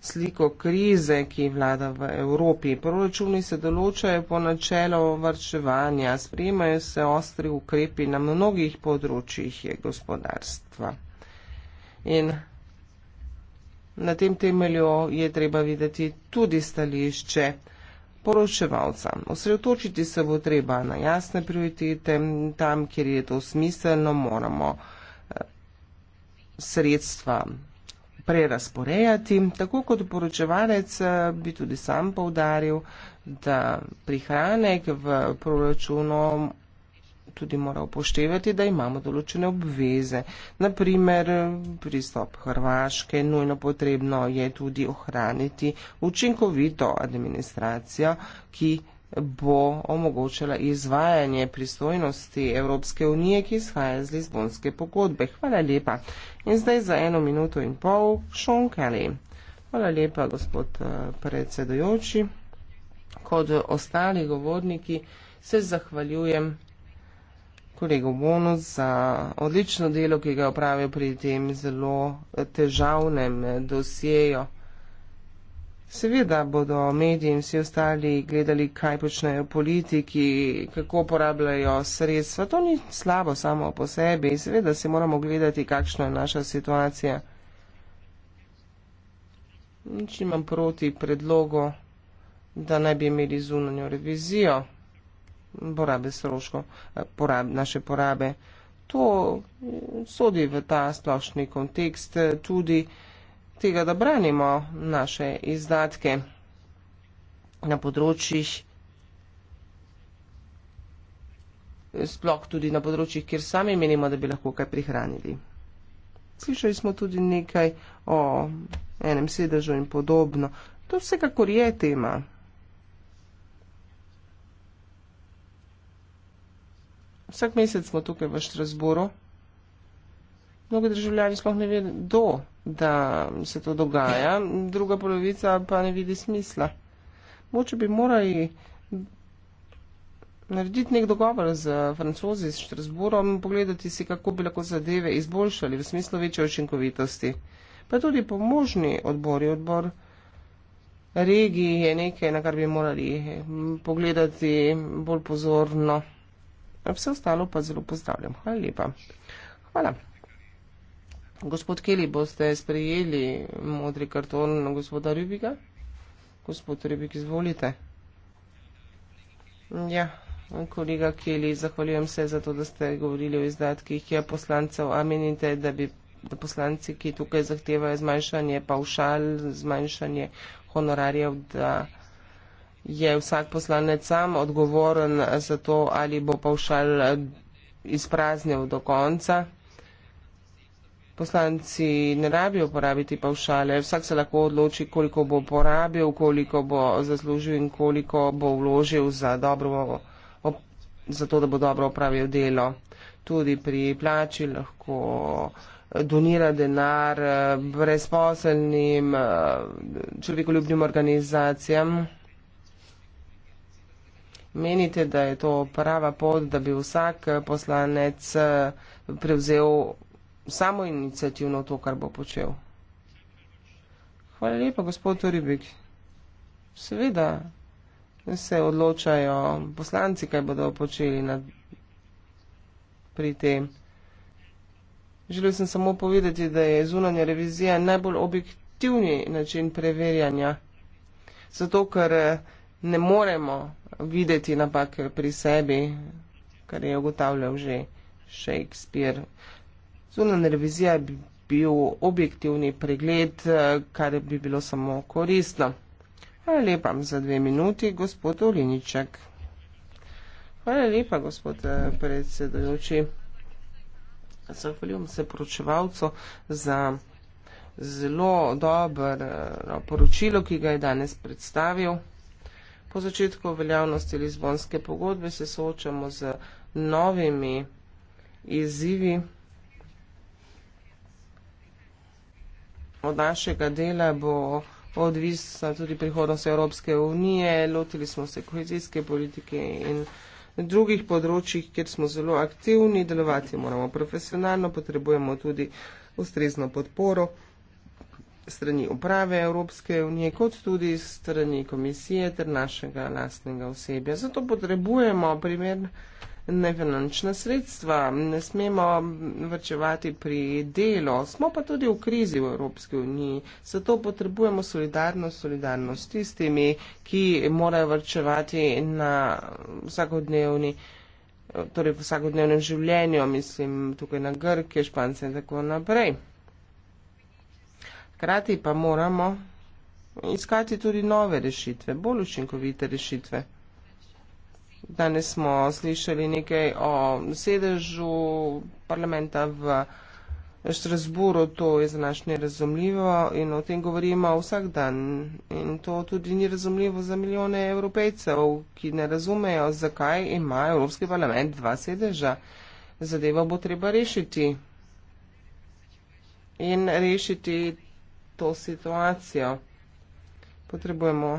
sliko krize, ki vlada v Evropi. Proračuni se določajo po načelu vrčevanja, sprejemajo se ostri ukrepi na mnogih področjih gospodarstva. In na tem temelju je treba videti tudi stališče poročevalca. Osredotočiti se bo treba na jasne prioritete, tam, kjer je to smiselno, moramo eh, sredstva prerasporejati. Tako kot poročevalec eh, bi tudi sam povdaril, da prihranek v proračunu tudi mora upoštevati, da imamo določene obveze. Naprimer, pristop Hrvaške, nujno potrebno je tudi ohraniti učinkovito administracijo, ki bo omogočala izvajanje pristojnosti Evropske unije, ki izhaja iz Lizbonske pogodbe. Hvala lepa. In zdaj za eno minuto in pol, Sean Kelly. Hvala lepa, gospod eh, predsedujoči. Kot ostali govorniki se zahvaljujem kolegu Bonu za odlično delo, ki ga je opravil pri tem zelo eh, težavnem eh, dosjeju. Seveda bodo mediji in vsi ostali gledali, kaj počnejo politiki, kako porabljajo sredstva. To ni slabo samo po sebi. Seveda si moramo gledati, kakšna je naša situacija. Nič imam proti predlogu, da naj bi imeli zunanjo revizijo porabe stroško, eh, porabe, naše porabe. To sodi v ta splošni kontekst eh, tudi tega, da branimo naše izdatke na področjih, sploh tudi na področjih, kjer sami menimo, da bi lahko kaj prihranili. Slišali smo tudi nekaj o enem sedežu in podobno. To vsekakor je tema. Vsak mesec smo tukaj v Štrasboru. Mnogo državljani sploh ne vedo, da se to dogaja, druga polovica pa ne vidi smisla. Moče bi morali narediti nek dogovor z francozi, s Štrasburom, pogledati si, kako bi lahko zadeve izboljšali v smislu večje učinkovitosti. Pa tudi pomožni odbori, odbor regiji je nekaj, na kar bi morali hm, pogledati bolj pozorno. Vse ostalo pa zelo pozdravljam. Hvala lepa. Hvala. Gospod Keli, boste sprejeli modri karton na gospoda Rubika? Gospod Rubik, izvolite. Ja, kolega Keli, zahvaljujem se za to, da ste govorili o izdatkih ja, poslancev. A menite, da bi da poslanci, ki tukaj zahtevajo zmanjšanje paušal, zmanjšanje honorarjev, da je vsak poslanec sam odgovoren za to, ali bo paušal eh, izpraznil do konca? poslanci ne rabijo uporabiti pavšale, vsak se lahko odloči, koliko bo porabil, koliko bo zaslužil in koliko bo vložil za, dobro, za to, da bo dobro opravil delo. Tudi pri plači lahko eh, donira denar eh, brezposelnim, eh, človekoljubnim organizacijam. Menite, da je to prava pot, da bi vsak poslanec prevzel samo inicijativno to, kar bo počel. Hvala lepa, gospod Turibik. Seveda se odločajo poslanci, kaj bodo počeli na, pri tem. Želel sem samo povedati, da je zunanja revizija najbolj objektivni način preverjanja, zato ker ne moremo videti napak pri sebi, kar je ugotavljal že Shakespeare. Zunanja revizija bi bil objektivni pregled, eh, kar bi bilo samo koristno. Hvala lepa za dve minuti, gospod Uliniček. Hvala lepa, gospod eh, predsedujoči. Zahvaljujem se poročevalcu za zelo dobro eh, poročilo, ki ga je danes predstavil. Po začetku veljavnosti Lizbonske pogodbe se soočamo z novimi izzivi. Od našega dela bo odvisna tudi prihodnost Evropske unije. Lotili smo se kohezijske politike in drugih področjih, kjer smo zelo aktivni, delovati moramo profesionalno, potrebujemo tudi ustrezno podporo strani uprave Evropske unije, kot tudi strani komisije ter našega lastnega osebja. Zato potrebujemo primer nefinančna sredstva, ne smemo vrčevati pri delo, smo pa tudi v krizi v Evropski uniji. Zato potrebujemo solidarnost, solidarnost s tistimi, ki morajo vrčevati na vsakodnevni. Torej, v vsakodnevnem življenju, mislim tukaj na Grke, Špance in tako naprej. Hkrati pa moramo iskati tudi nove rešitve, bolj učinkovite rešitve. Danes smo slišali nekaj o sedežu parlamenta v Štrasburu, to je za naš nerazumljivo in o tem govorimo vsak dan. In to tudi ni razumljivo za milijone evropejcev, ki ne razumejo, zakaj ima Evropski parlament dva sedeža. Zadevo bo treba rešiti in rešiti to situacijo. Potrebujemo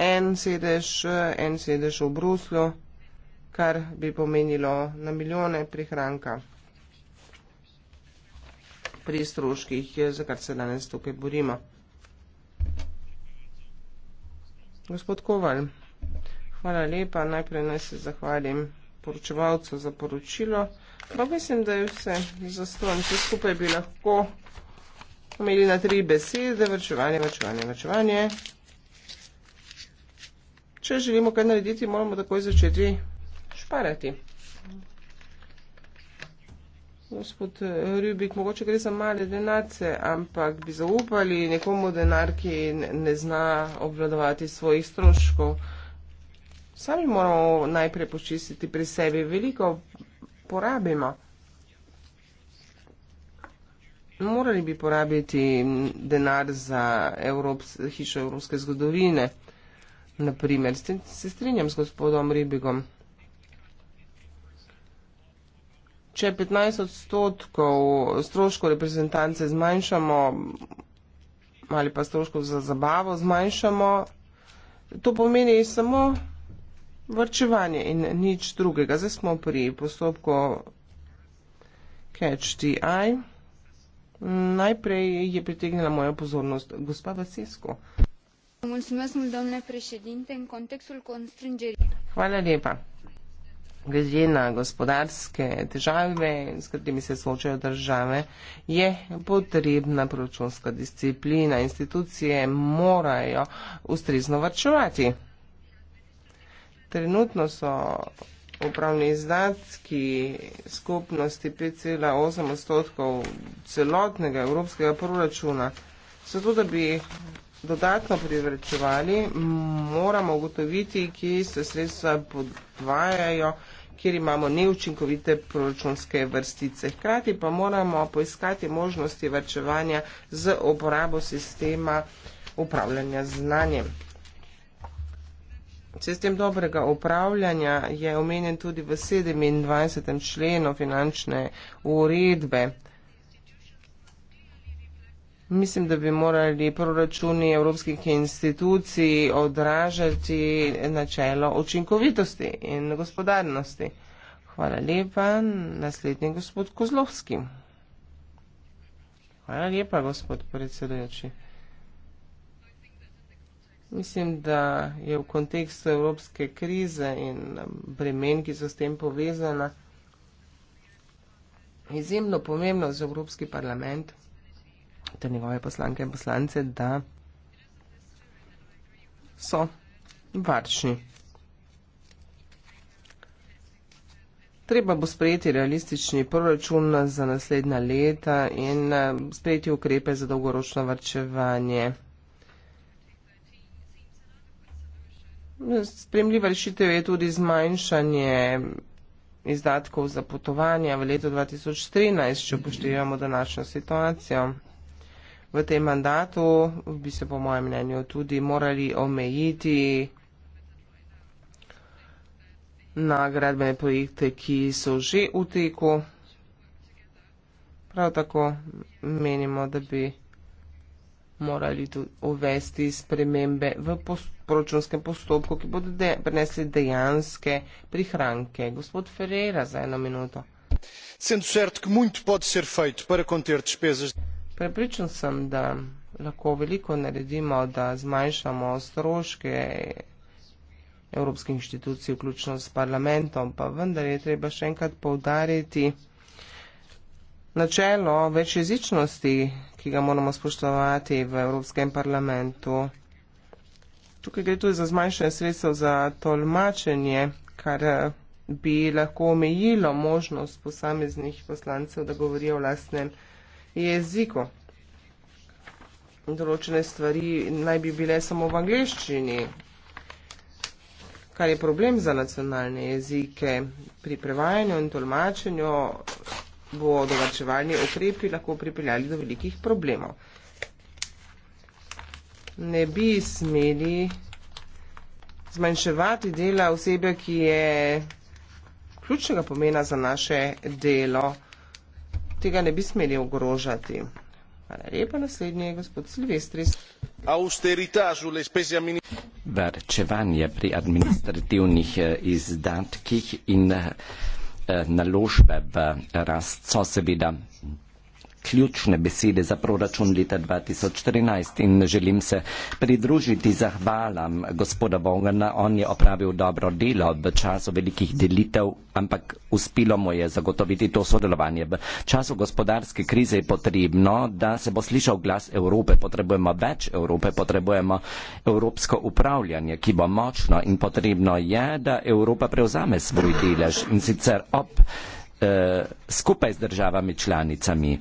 en sedež, en sedež v Bruslu, kar bi pomenilo na milijone prihranka pri stroških, za kar se danes tukaj borimo. Gospod Koval, hvala lepa, najprej naj se zahvalim poročevalcu za poročilo, pa mislim, da je vse za stronce skupaj bi lahko omeli na tri besede, vrčevanje, vrčevanje, vrčevanje. Če želimo kaj narediti, moramo takoj začeti šparati. Gospod Rubik, mogoče gre za male denarce, ampak bi zaupali nekomu denar, ki ne zna obvladovati svojih stroškov. Sami moramo najprej počistiti pri sebi, veliko porabimo. Morali bi porabiti denar za Evrops, hišo evropske zgodovine. Naprimer, se strinjam s gospodom Ribigom. Če 15 odstotkov stroškov reprezentance zmanjšamo ali pa stroškov za zabavo zmanjšamo, to pomeni samo vrčevanje in nič drugega. Zdaj smo pri postopku Catch the Eye. Najprej je pritegnila moja pozornost gospa Vasesko. V kontekstu konstringerij. Glede na gospodarske težave, s katerimi se soočajo države, je potrebna proračunska disciplina. Institucije morajo ustrezno vrčevati. Trenutno so upravni izdatki skupnosti 5,8 odstotkov celotnega evropskega proračuna, zato da bi dodatno privrečevali, moramo ugotoviti, ki se sredstva podvajajo, kjer imamo neučinkovite proračunske vrstice. Hkrati pa moramo poiskati možnosti vrčevanja z uporabo sistema upravljanja znanjem. Sistem dobrega upravljanja je omenjen tudi v 27. členu finančne uredbe. Mislim, da bi morali proračuni evropskih institucij odražati načelo učinkovitosti in gospodarnosti. Hvala lepa, naslednji gospod Kozlovski. Hvala lepa, gospod predsedujoči. Mislim, da je v kontekstu evropske krize in bremen, ki so s tem povezana, izjemno pomembno za Evropski parlament te njegove poslanke in poslance, da so varčni. Treba bo sprejeti realistični proračun za naslednja leta in eh, sprejeti ukrepe za dolgoročno varčevanje. Spremljiva rešitev je tudi zmanjšanje izdatkov za potovanja v letu 2013, če upoštevamo današnjo situacijo v tem mandatu, bi se po mojem mnenju tudi morali omejiti na gradbene projekte, ki so že v teku. Prav tako menimo, da bi morali tudi uvesti spremembe v proračunskem postopku, ki bodo de prinesli dejanske prihranke. Gospod Ferreira, za eno minuto. Sem certo, da veliko lahko naredite, da bi konter despeze. Prepričan sem, da lahko veliko naredimo, da zmanjšamo stroške evropskih inštitucij, vključno s parlamentom, pa vendar je treba še enkrat povdariti načelo večjezičnosti, ki ga moramo spoštovati v Evropskem parlamentu. Tukaj gre tudi za zmanjšanje sredstev za tolmačenje, kar bi lahko omejilo možnost posameznih poslancev, da govorijo v lastnem parlamentu jeziku. Določene stvari naj bi bile samo v angliščini, kar je problem za nacionalne jezike. Pri prevajanju in tolmačenju bodo varčevalni ukrepi lahko pripeljali do velikih problemov. Ne bi smeli zmanjševati dela osebe, ki je ključnega pomena za naše delo tega ne bi smeli ogrožati. Hvala lepa, naslednji je gospod Silvestris. Varčevanje pri administrativnih eh, izdatkih in eh, eh, naložbe v rast so seveda ključne besede za proračun leta 2014 in želim se pridružiti zahvalam gospoda Bogana. On je opravil dobro delo v času velikih delitev, ampak uspelo mu je zagotoviti to sodelovanje. V času gospodarske krize je potrebno, da se bo slišal glas Evrope. Potrebujemo več Evrope, potrebujemo evropsko upravljanje, ki bo močno in potrebno je, da Evropa prevzame svoj delež in sicer ob eh, skupaj z državami članicami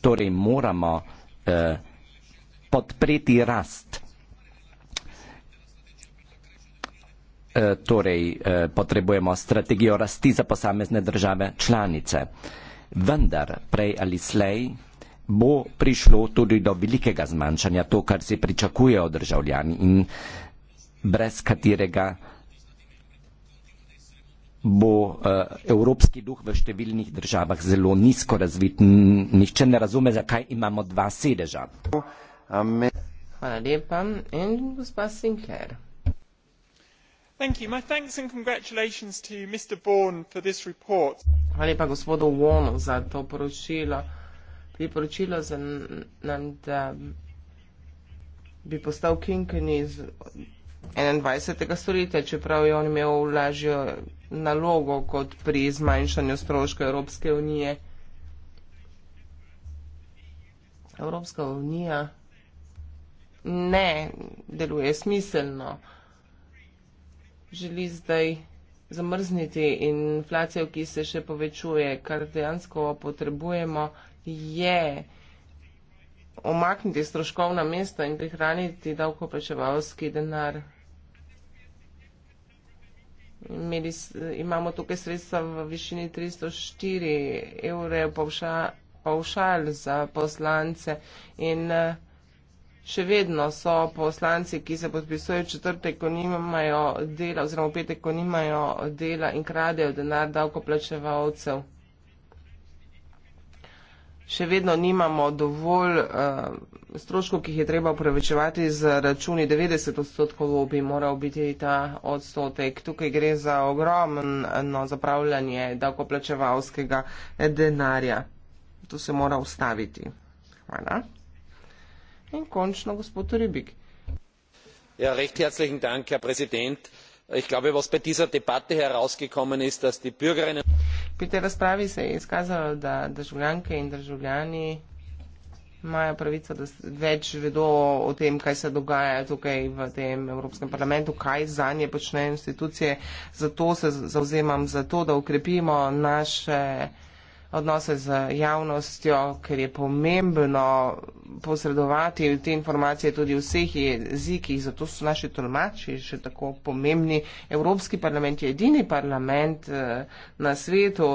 torej moramo eh, podpreti rast. Eh, torej eh, potrebujemo strategijo rasti za posamezne države članice. Vendar prej ali slej bo prišlo tudi do velikega zmanjšanja to, kar se pričakuje od državljani in brez katerega bo uh, evropski duh v številnih državah zelo nizko razvit. Nihče ne razume, zakaj imamo dva sedeža. Hvala lepa. In gospa Sinclair. Thank you. My thanks and congratulations to Mr. Bourne for this report. Hvala lepa gospodu Warnu za to poročilo. Priporočilo za nam, da bi postal kinkeni 21. stoletja, čeprav je on imel lažjo nalogo kot pri zmanjšanju stroška Evropske unije. Evropska unija ne deluje smiselno. Želi zdaj zamrzniti inflacijo, ki se še povečuje, kar dejansko potrebujemo, je. Yeah omakniti stroškovna mesta in prihraniti davkoplačevalski denar. Imeli, imamo tukaj sredstva v višini 304 evre povša, povšal za poslance in še vedno so poslanci, ki se podpisujejo četrtek, ko nimajo dela oziroma v petek, ko nimajo dela in kradejo denar davkoplačevalcev še vedno nimamo dovolj uh, stroškov, ki jih je treba upravičevati z računi 90 odstotkov, bi moral biti ta odstotek. Tukaj gre za ogromno zapravljanje davkoplačevalskega denarja. To se mora ustaviti. Hvala. In končno gospod Ribik. Ja, recht herzlichen dank, Herr Präsident. Ich glaube, was bei dieser Debatte herausgekommen ist, dass die Bürgerinnen. Pri tej razpravi se je izkazalo, da državljanke in državljani imajo pravico, da več vedo o tem, kaj se dogaja tukaj v tem Evropskem parlamentu, kaj za nje počnejo institucije. Zato se zauzemam za to, da ukrepimo naše odnose z javnostjo, ker je pomembno posredovati te informacije tudi v vseh jezikih, zato so naši tolmači še tako pomembni. Evropski parlament je edini parlament eh, na svetu,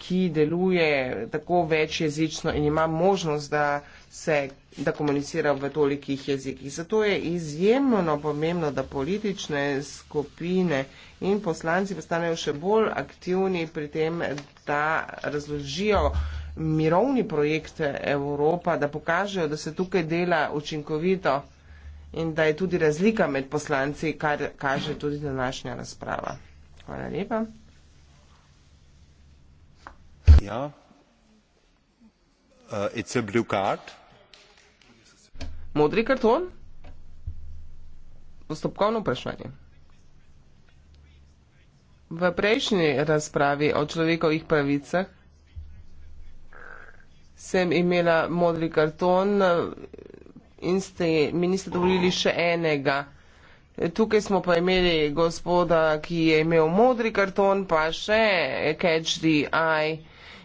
ki deluje tako večjezično in ima možnost, da se da komunicira v tolikih jezikih. Zato je izjemno pomembno, da politične skupine in poslanci postanejo še bolj aktivni pri tem, da razložijo mirovni projekt Evropa, da pokažejo, da se tukaj dela učinkovito in da je tudi razlika med poslanci, kar kaže tudi današnja razprava. Hvala lepa. Ja. Uh, it's a blue card. Modri karton? Postopkovno vprašanje v prejšnji razpravi o človekovih pravicah sem imela modri karton eh, in ste mi niste dovolili še enega. Tukaj smo pa imeli gospoda, ki je imel modri karton, pa še catch the eye.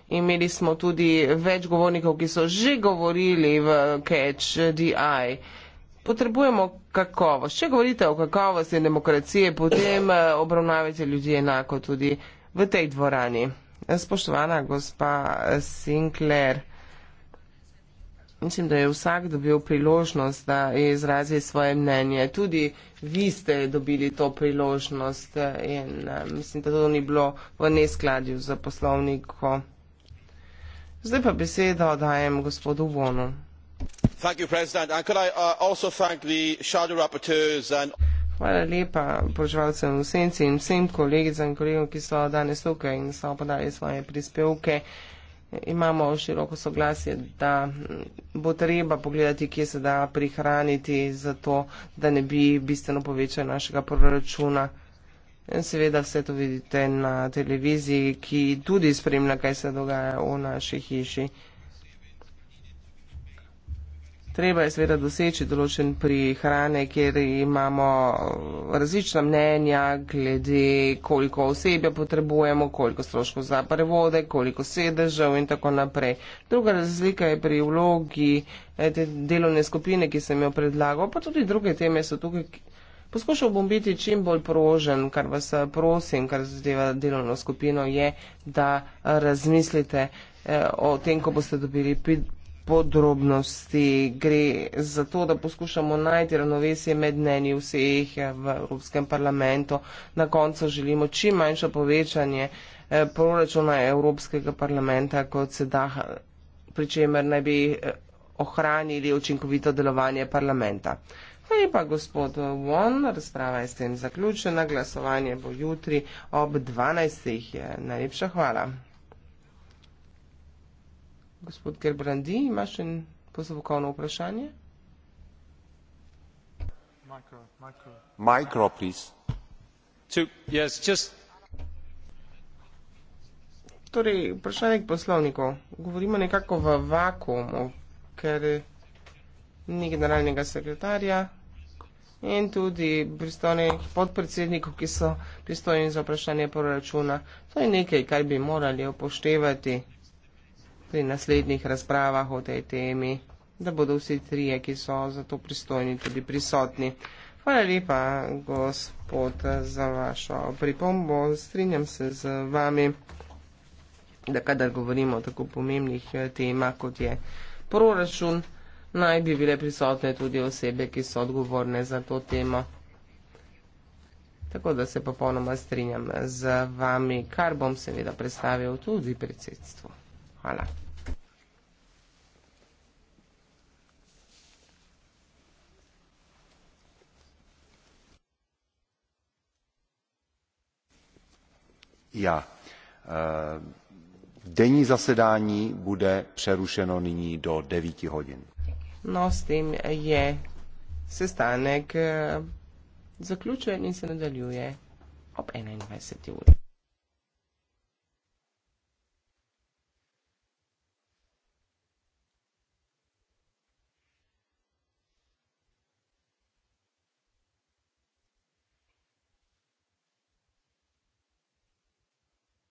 Imeli smo tudi več govornikov, ki so že govorili v catch the eye potrebujemo kakovost. Če govorite o kakovosti demokracije, potem eh, obravnavajte ljudi enako tudi v tej dvorani. Spoštovana gospa eh, Sinclair, mislim, da je vsak dobil priložnost, da je izrazil svoje mnenje. Tudi vi ste dobili to priložnost eh, in mislim, da to ni bilo v neskladju z poslovnikom. Zdaj pa besedo dajem gospodu Vonu. Uh, Hvala lepa poročevalcem v senci in vsem kolegicam in kolegom, ki so danes tukaj in so podali svoje prispevke. Imamo široko soglasje, da bo treba pogledati, kje se da prihraniti, zato da ne bi bistveno povečali našega proračuna. In seveda vse to vidite na televiziji, ki tudi spremlja, kaj se dogaja v naši hiši. Treba je seveda doseči določen pri hrane, kjer imamo različna mnenja glede, koliko osebja potrebujemo, koliko stroškov za prevode, koliko sedežev in tako naprej. Druga razlika je pri vlogi eh, te delovne skupine, ki sem jo predlagal, pa tudi druge teme so tukaj. Poskušal bom biti čim bolj prožen, kar vas eh, prosim, kar zadeva delovno skupino, je, da eh, razmislite o tem, ko boste dobili podrobnosti. Gre za to, da poskušamo najti ravnovesje med mnenji vseh v Evropskem parlamentu. Na koncu želimo čim manjšo povečanje eh, proračuna Evropskega parlamenta, kot se da, pri čemer naj bi eh, ohranili učinkovito delovanje parlamenta. Hvala lepa, gospod Won, razprava je s tem zaključena, glasovanje bo jutri ob 12. Najlepša hvala. Gospod Gerbrandi, imaš še pozvokovno vprašanje? Mikro, mikro. Mikro, prosim. Yes, just... Torej, vprašanje k poslovniku. Govorimo nekako v vakumu, ker ni generalnega sekretarja in tudi pristojnih podpredsednikov, ki so pristojni za vprašanje proračuna. To je nekaj, kar bi morali upoštevati pri naslednjih razpravah o tej temi, da bodo vsi trije, ki so za to pristojni, tudi prisotni. Hvala lepa, gospod, za vašo pripombo. Strinjam se z vami, da kadar govorimo o tako pomembnih eh, temah, kot je proračun, naj bi bile prisotne tudi osebe, ki so odgovorne za to temo. Tako da se popolnoma strinjam z vami, kar bom seveda predstavil tudi predsedstvu. Hvala. já. Ja. Eh, denní zasedání bude přerušeno nyní do 9 hodin. No s tím je sestánek eh, zaključen se nadaljuje ob 21.